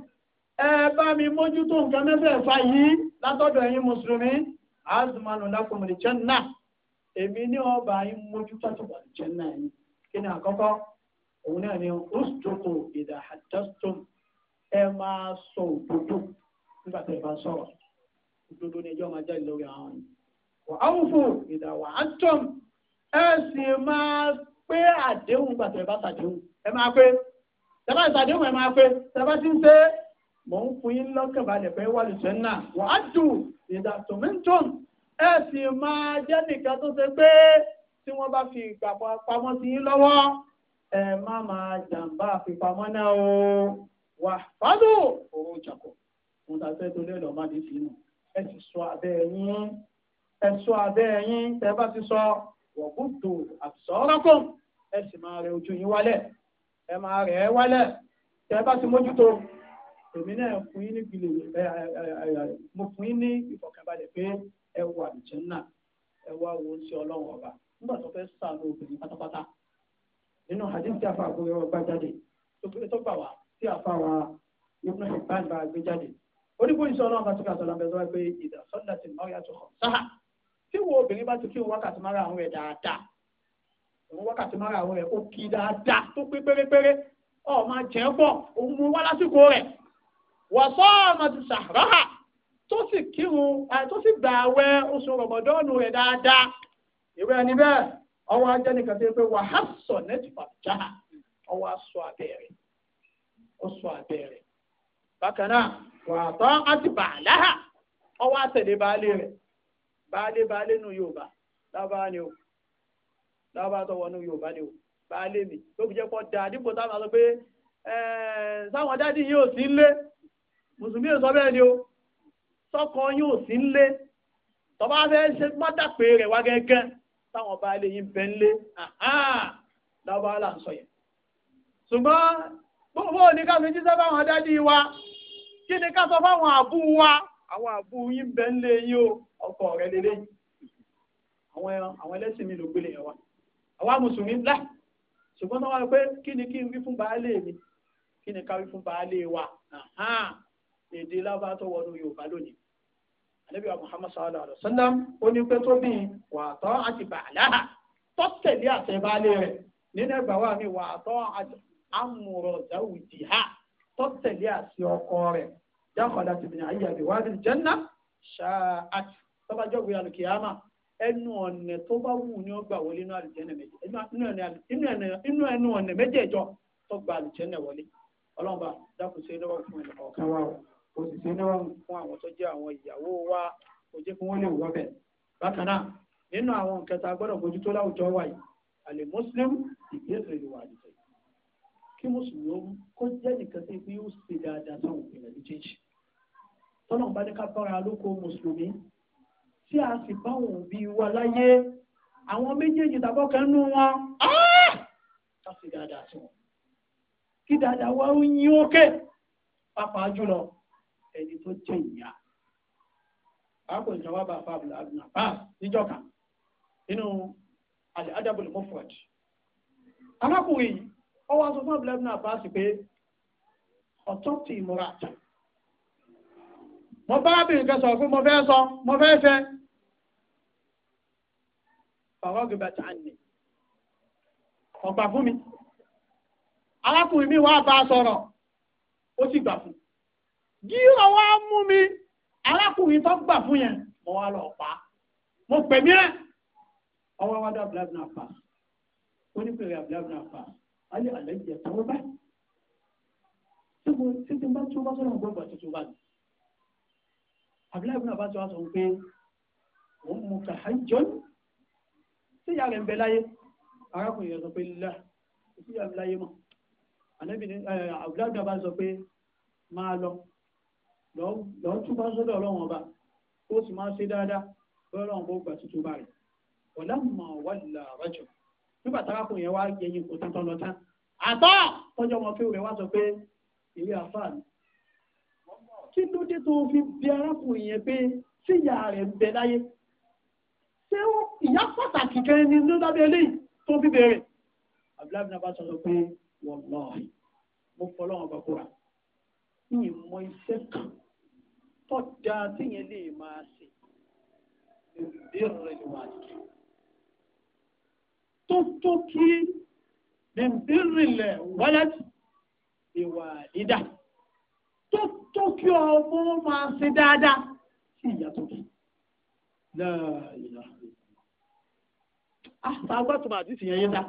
ẹ bá mi mójútó nǹkan mẹ́fẹ̀ẹ̀fà yìí látọ̀dọ̀ ẹ̀yin mùsùlùmí azmanu lakum ebi èmi ní ọba yín mójútó tó wà yìí kí ni àkọ́kọ́ òun náà ni ẹ máa sọ òdodo ni ẹjọ́ máa jáde lórí àwọn yìí. wà á wù fún ìdá wà á tọ̀m ẹ sì máa pé àdéhùn gbàtọ̀ ẹ bá ṣàdéhùn ẹ máa pé tẹ́lá ìṣàdéhùn ẹ máa pé tẹ́lá ti ń ṣe mọ̀ ń fún yín lọ́kàn balẹ̀ pé wà lùsẹ̀ náà wà á dùn ìdá tòmíntòm ẹ sì máa jẹ́ nìkan tó ṣe pé tí wọ́n bá fi ìgbà pamọ́ sí yín lọ́wọ́ ẹ má máa jàǹbá àfipamọ́ náà o wà fádùn òun jàkọ̀ mo ta fẹ́ tó lé lọ́ọ́ má dé sí nù. ẹ sì sọ abẹ́ yín ẹ sọ abẹ́ yín tẹ́ bá ti sọ wọ̀gùdù àbùsọ̀rọ̀kùn ẹ sì máa rẹ ojú yín wálẹ̀ ẹ máa rẹ ẹ wálẹ̀ tẹ́ bá ti ẹ wà náà ẹ wá wo ọlọ́run ọba nígbà tó fẹ́ sàánú obìnrin pátápátá nínú hadith tí a fa àgbóyọ̀ ọgbà jáde tó gbà wá tí a oníkó ìṣọ́ ọlọ́run bá tún kí àtọ́lá ń pé ìdá sọ́dà tí yàtọ̀ kọ̀ sáà tí wo obìnrin bá ti kí wákàtí mara àwọn rẹ̀ dáadáa òun wákàtí mara àwọn rẹ̀ ó kí dáadáa tó pé pérépéré ọ̀ jẹ́ pọ̀ òun mú wá lásìkò rẹ̀ wà sọ́ọ̀mà ti sàráhà tó sì kírun tó sì gbà àwẹ̀ oṣù rọ̀mọ̀dọ́ọ̀nù rẹ̀ dáadáa ìwé ẹni bẹ́ẹ̀ ọwọ́ ajẹ́ nìkan tó yẹ pé wàhásọ̀ nẹ́tìfà jáà ọwọ́ aṣọ bákan náà wàtọ́ àti bàálàhà ọwọ́ àtẹ̀lé baálé rẹ̀ baálé baálé nu yorùbá lábàá ni o lábàá tó wọnú yorùbá ni o baálé mi ló fi jẹ́ pọ́ da dípò táwọn àlọ́ pé sáwọn dádì yìí ò sí ń lé mùsùlùmí ò sọ bẹ́ẹ̀ ni o sọ́kọ yìí ò sí ń lé tọ́ba fẹ́ ṣe mọ́tàpé rẹ̀ wá gẹ́gẹ́ táwọn baálé yìí ń bẹ́ ń lé lábàá là ń sọ yẹn ṣùgbọ́n fún òní ká fi jíṣẹ́ fáwọn dádì wa kí ni ká sọ fáwọn àbú wa àwọn àbú yín bẹ́ẹ̀ ń lé yín o ọkọ rẹ lélẹ́yìn àwọn ẹlẹ́sìn mi ló gbélé yẹn wa àwa mùsùlùmí ńlá ṣùgbọ́n tó wá pé kí ni kí n wí fún baálé mi kí ni ká wí fún baálé wa èdè lábá tó wọnú Yorùbá lónìí anabi wa Muhammad sallallahu alaihi ó ní pé tó wà tọ́ àti bàálà tó tẹ̀lé baálé rẹ̀ nínú ẹgbàá wa mi wà tọ́ àti amúrọ̀ dáwùjì ha tó tẹ̀lé àṣẹ ọkọ rẹ̀ dákọ̀dá ti bìnrin ayé àbí wáá bìnrin jẹ́nà ṣáàt tọ́ba jọ́gbé alùkìyàmà ẹnu ọ̀nà tó bá wù ní ọgbà wọlé inú àlùjẹ́nà méje inú ẹnu ọ̀nà méjèèjọ tó gba àlùjẹ́nà wọlé ọlọ́mọba dákun ṣe lọ́wọ́ fún ẹnì kọ̀ọ̀kan wa o sì ṣe lọ́wọ́ fún àwọn tó jẹ́ àwọn ìyàwó wa kò jẹ́ kí wọ́n lè wọ́ bẹ̀ bákan náà nínú àwọn kẹta gbọ́dọ̀ bójútó láwùjọ wa yìí àlè mùsùlùm ìgbésẹ̀ ìwà àdìsẹ́yìn kí mùsùlùmí kó jẹ́ nìkan tí pé yóò ṣe dáadáa sáwọn òfin rẹ̀ méjèèjì tọ́nà bá ní ká bára lóko mùsùlùmí tí a sì báwọn òbí wa láyé àwọn méjèèjì tàbọ̀ kan nú wọn ah! ká ṣe dáadáa sí wọn kí dáadáa wá ó yín ókè pàápàá jùlọ ẹni tó jẹ́ ìyá àpò ìjọba bá fa abdulhamid abbas níjọ́ kan nínú al-adabul yìí ọ wá sọ fún abdullahi bin abbas pé ọ̀tọ́ ti ìmúra àtà mo bá abìnrin kan sọ mo fẹ́ sọ mo fẹ́ fẹ́ bàbá ògbà tá a nì fún mi arákùnrin mi wá bá a sọ̀rọ̀ ó sì gbà fún gírọ̀ wá mú mi arákùnrin tó gbà fún yẹn mo wá lọ pa mo pè mí rẹ ọwọ́ wá dá abdullahi bin abbas ó ní pèrè abdullahi bin abbas alẹ́ àlẹ́ yẹ tọwọ́ báyìí tí tí bá tí ó bá sọ̀rọ̀ gbọ́gbà tuntun bá ní. àbíláìbùnà bá sọ sọ pé òun mú ka hajjọ́ ní sí ìyá rẹ̀ ń bẹ láyé arákùnrin yẹn sọ pé lílá sí ìyá láyé mọ̀ àbíláìbùnà bá sọ pé máa lọ lọ́ọ́ tún bá sọ́dọ̀ ọlọ́run ọba ó sì máa ṣe dáadáa lọ́rọ̀ ọ̀gbọ́gbà tuntun bá rẹ̀ ọ̀làmọ̀ wàlà rajọ̀ nígbà tára kò yẹn wá yẹyin kò tán tán lọ tán àtọ́ tọ́jọ́ ọmọ fíwọ́ rẹ̀ wá sọ pé ilé àfáà ni kí ló dé tó fi bí arákùnrin yẹn pé tí ìyá rẹ̀ ń bẹ láyé ṣé ìyá pàtàkì kan ni ló dábẹ́ eléyìí tó fi bẹ̀rẹ̀ abdulhamid náà bá sọ pé wọ́n lọ́ọ̀ mo fọlọ́wọ́n bá kúra yìí mọ iṣẹ́ kan tọ́jà tíyẹn lè máa ṣe lè bẹ̀rẹ̀ níwájú tó tó kí bìbìrìlẹ̀ wọ́lẹ́tì ìwà dídà tó tó kí ọmọ máa ṣe dáadáa sí ìyá tó kí. àtàgbàtúmọ̀ àti ìsìn yẹn yẹn ta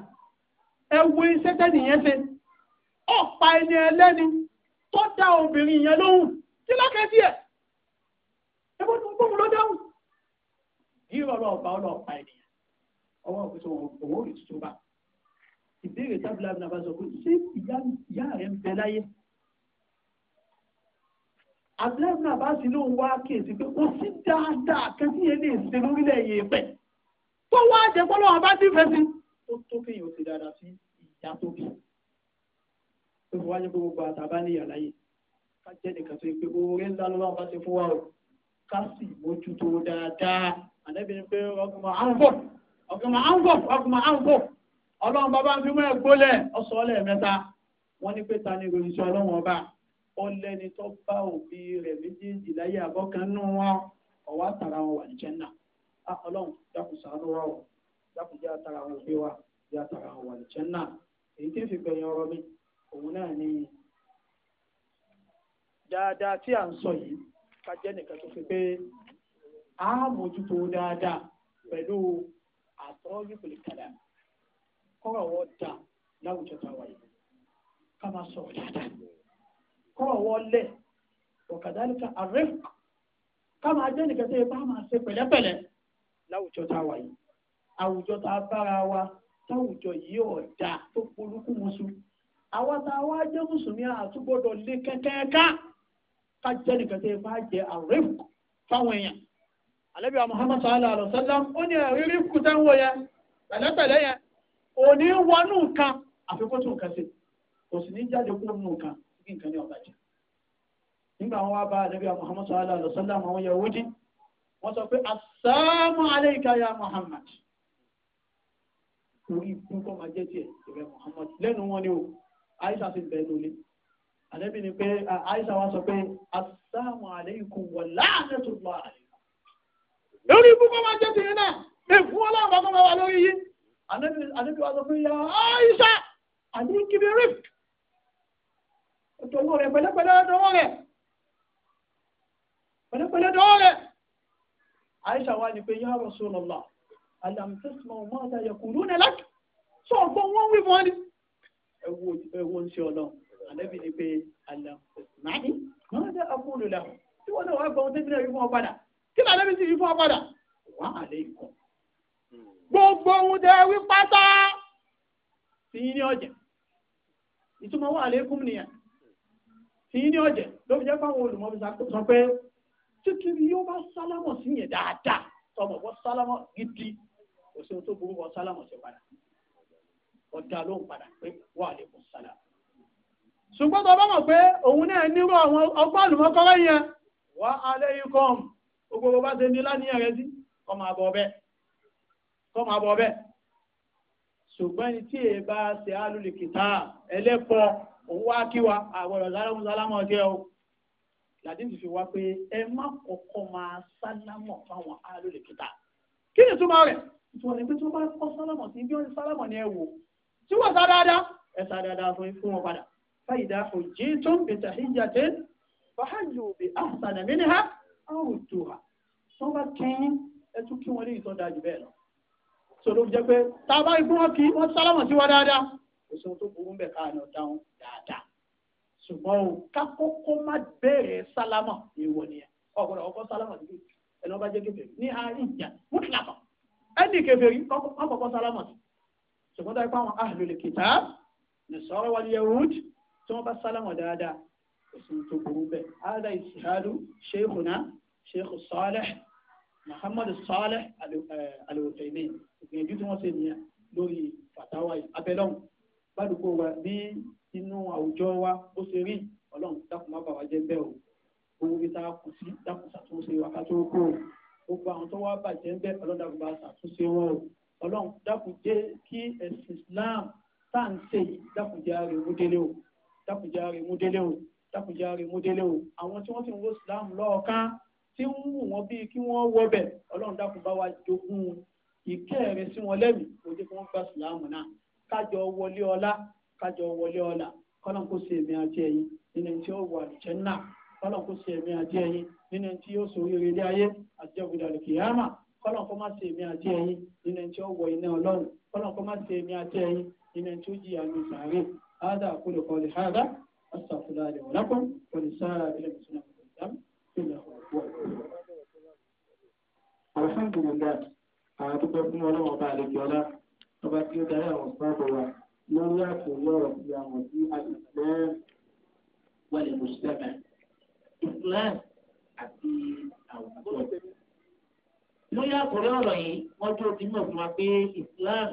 ẹ wo iṣẹ́ tẹ́nì yẹn ṣe ọ̀pá ẹni ẹlẹ́ni tó dá obìnrin yẹn lóhùn tí lọ́kẹ́ sí ẹ̀ ẹ bó tó gbóhùn ló dáhùn. yíyọ lọ ọba ọlọpàá ènìyàn ọwọ́ òkúta òwò òrì tuntun bá ìbéèrè tábìlà àbínà bá sọ pé ṣé ìyá rẹ ń bẹ láyé àbílẹ̀ àbínà bá sì ló ń wá kéèsì pé kò sí dáadáa kẹ́sí yẹn lè ṣe lórílẹ̀ yìí pẹ̀ tó wá jẹ́ pé ọlọ́run bá nífẹ̀ẹ́ sí ó tó kéèyàn ó ti dáadáa sí ìyá tó bí ó fi wájú pé gbogbo àtàbá ní ìyàlá yìí ká jẹ́ nìkan tó yẹ pé oore ńlá ló wá bá ti fún wa o ká sì mójútó dáadáa àdẹ́bìnrin pé ọkùnrin àwọn bọ̀. ọ̀gbọ̀n àǹgọ̀ ọ̀gbọ̀n àǹgọ̀ ọlọ́run bàbá ń fi mú ẹ̀ gbólẹ̀ ọ̀sọ̀ ọlẹ̀ mẹ́ta wọ́n ni ìròyìn ọba ó lẹ́ni tó bá òbí rẹ̀ méjèèjì láyé àbọ̀kan nù wà ní jẹ́nà ọlọ́run dákun o dákun jẹ́ àtara wọn wa jẹ́ àtara wọn wà ní jẹ́nà èyí tí ń fi gbẹ̀yìn mi òun náà ni dáadáa tí sọ yìí ká jẹ́ nìkan tó fi pé mójútó dáadáa àtọ́jú kò lè kàdà kọ́rọ̀ wọ́ da láwùjọ ta wáyé ká kwa sọ̀rọ̀ dáadáa kọ́rọ̀ wọ́ lẹ̀ ọ̀kadàlíkà àrẹ́f ká máa jẹ́ nìkan tó yẹ bá máa ṣe pẹ̀lẹ́pẹ̀lẹ́ láwùjọ ta wáyé àwùjọ ta bára wa táwùjọ yìí ọ̀dà tó polúkú musu àwa tá a wá jẹ́ mùsùlùmí àtúgbọ́dọ̀ lé kẹ́kẹ́ká àlẹ́bíà Muhammad sallallahu alayhi wa sallam ó ní ẹ̀rírí kúta ń wọ yẹn pẹ̀lẹ́pẹ̀lẹ́ yẹn ò ní wọnú nǹkan àfikún tó nǹkan sí kò sì ní jáde kúrò nínú nǹkan kí nǹkan ní ọba jẹ nígbà wọn wá bá àlẹ́bíà Muhammad sallallahu alayhi wa sallam àwọn Yahudi wọ́n sọ pé assalamu alayka ya Muhammad orí ikú máa jẹ́ tiẹ̀ ìrẹ́ Muhammad lẹ́nu wọn ni o Aisha ti bẹ̀ lólé àlẹ́bí ni pé Aisha wa sọ pé assalamu alaykum wa la'natullah lórí ibú kọ́ máa jẹ́ tìyẹn náà èfún ọlọ́run bá kọ́ máa wà lórí yìí ànábì ànábì wa sọ pé ya Aisha àní kìbi rif ọ̀dọ̀wọ́ rẹ̀ pẹ̀lẹ́pẹ̀lẹ́ ọ̀dọ̀wọ́ rẹ̀ pẹ̀lẹ́pẹ̀lẹ́ ọ̀dọ̀wọ́ rẹ̀ Aisha wa ni pé ya Rasulullah alam tasma'u ma la yaquluna lak sọ ọ̀gbọ́n wọn wí fún ọ ni ẹ̀wọ̀n ẹ̀wọ̀n ṣe ọlọ́run ànábì ni pé alam tasma'u ma la yaquluna lak tí wọ́n náà wá gbọ́ kí làdé mi sì fi fún ọ padà wà á lè kọ́ gbogbo ohun tẹ wí pátá tìyín ní ọ̀jẹ̀ ìtumọ̀ wà lè kún nìyẹn tìyín ní ọ̀jẹ̀ ló fi jẹ́ fáwọn olùmọ̀ fi sọ pé títí yóò bá sálámọ̀ sí yẹn dáadáa tọmọ bọ́ sálámọ̀ gidi kò sí ohun tó burú bọ́ sálámọ̀ sí padà ọ̀dà ló ń padà pé wà lè kún sálámọ̀ ṣùgbọ́n tó bá mọ̀ pé òun náà nírú àwọn ọgbọ́n àlùmọ́kọ́rọ́ yẹn wà á lẹ́yìn kọ́ọ̀mù gbogbo bó bá ṣe ní láníyàn rẹ sí kọ́ máa bọ̀ bẹ́ẹ̀ kọ́ máa bọ̀ bẹ́ẹ̀ ṣùgbọ́n ẹni tí èèbá ṣe alùlù kìtà ẹlẹ́pọ̀ òun wá kí wa àwọ̀rọ̀ sálámù sálámù ọjọ́ o làdíjì fi wá pé ẹ má kọ́kọ́ máa sálámù fáwọn alùlù kí ni túmọ̀ rẹ̀ ìtumọ̀ ni pé tí wọ́n bá kọ́ sálámù sí bí wọ́n sálámù ni ẹ wò tí wọ́n sá dáadáa ẹ sá dáadáa fún fún wọn padà fáyidá òjì tó ń bìtà híjà tẹ́ fàájù bí àṣàdàmínì áwùtò à tí wọ́n bá kẹ́yìn ẹ tún kí wọn lè tọ́ da jù bẹ́ẹ̀ lọ. sọ̀rọ̀ jẹ́ pé tá a bá rí pé wọ́n kí wọ́n sálámọ̀ sí wa dáadáa kò sí ohun tó burú bẹ̀ ká àná dáhùn dáadáa. ṣùgbọ́n o ká kọ́kọ́ má bẹ̀rẹ̀ sálámọ̀ èèwọ̀ nìyẹn ọ̀gbọ̀dọ̀ ọkọ̀ sálámọ̀ sí ẹni wọ́n bá jẹ́ kèfèrí ní àárín ìjà mútìlápà ẹni kèfèrí kọ́kọ́ sálámọ̀ sí ṣùgbọ́n tó yẹ fáwọn ahlul kitab nasara wal yahud tí wọ́n bá sálámọ̀ dáadáa kò sí ohun tó sheikh saleh muhammad saleh alùpùpù eh, ìgbìyànjú tí wọ́n ṣe nìyẹn lórí fatawa yìí abẹ́lọ́hùn gbàdúgbò wa bí inú àwùjọ wa ó ṣe rí ọlọ́run dákun má bà wá jẹ́ bẹ́ẹ̀ o owó bí tá kù sí dákun ṣàtúnṣe wa ká tó kó o gbogbo àwọn tó wá bàjẹ́ ń bẹ́ ọlọ́run dákun bá ṣàtúnṣe wọn o ọlọ́run dákun jẹ́ kí ẹ̀sìn islam tá à ń ṣe yìí dákun jẹ́ ààrẹ múdélé o dákun jẹ́ ààrẹ múdélé o dákun jẹ́ ààrẹ múdélé o àwọn tí wọ́n ti ń wo islam lọ́ọ̀kan tí ń wù wọ́n bíi kí wọ́n wọ́bẹ̀ ọlọ́run dákun bá wa jogún ìkẹ́ rẹ sí wọn lẹ́mìí kò jẹ́ kí wọ́n gba sùlámù náà kájọ wọlé ọlá kájọ wọlé ọlá kọ́nà kó ṣe èmi àti ẹ̀yin nínú tí ó wà jẹ́ náà kọ́nà kó ṣe èmi àti ẹ̀yin nínú tí ó sọ oríire ilé ayé àti ọ̀gbìdàlù kìyàmà kọ́nà kó má ṣe èmi àti ẹ̀yin nínú tí ó wọ iná ọlọ́run kọ́nà kó má ṣe èmi àti ẹ̀yin nínú tí ó jìyà ní sàárè هذا أقول قولي هذا أستغفر الله لي ولكم ولسائر المسلمين في الله alhamdulilayi àwọn àdúgbò fún ọlọ́wọ́ bá àlejò ọlá ọba tí ó darí àwọn sábọ̀ wa lórí àtúnyẹ ọ̀rọ̀ sí àwọn sí alìsílẹ́ẹ̀m wọlé mùsùlùmí islam àti àwùjọ. lórí àkùrẹ́ ọ̀rọ̀ yìí wọ́n tó ti mọ̀ fún wa pé islam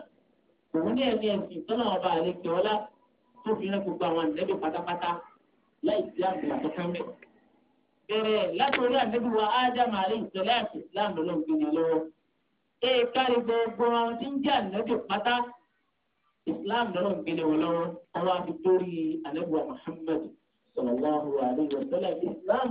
òun ní ẹ̀mí ẹ̀sìn tọ́nà ọba àlejò ọlá tó fi rẹ́ gbogbo àwọn àlejò pátápátá láì sí àgbà tó fẹ́ bẹ̀rẹ̀ eh, látòrí àdébù wa ádámù àlẹ́ àti islam lọ́lọ́gbìnrin lọ́wọ́. ee eh, kárí gbogbo àwọn tí ń jẹ́ pátá islam lọ́lọ́gbìnrin wọn lọ́wọ́ ọwọ́ àti torí àdébù wa muhammad sallallahu islam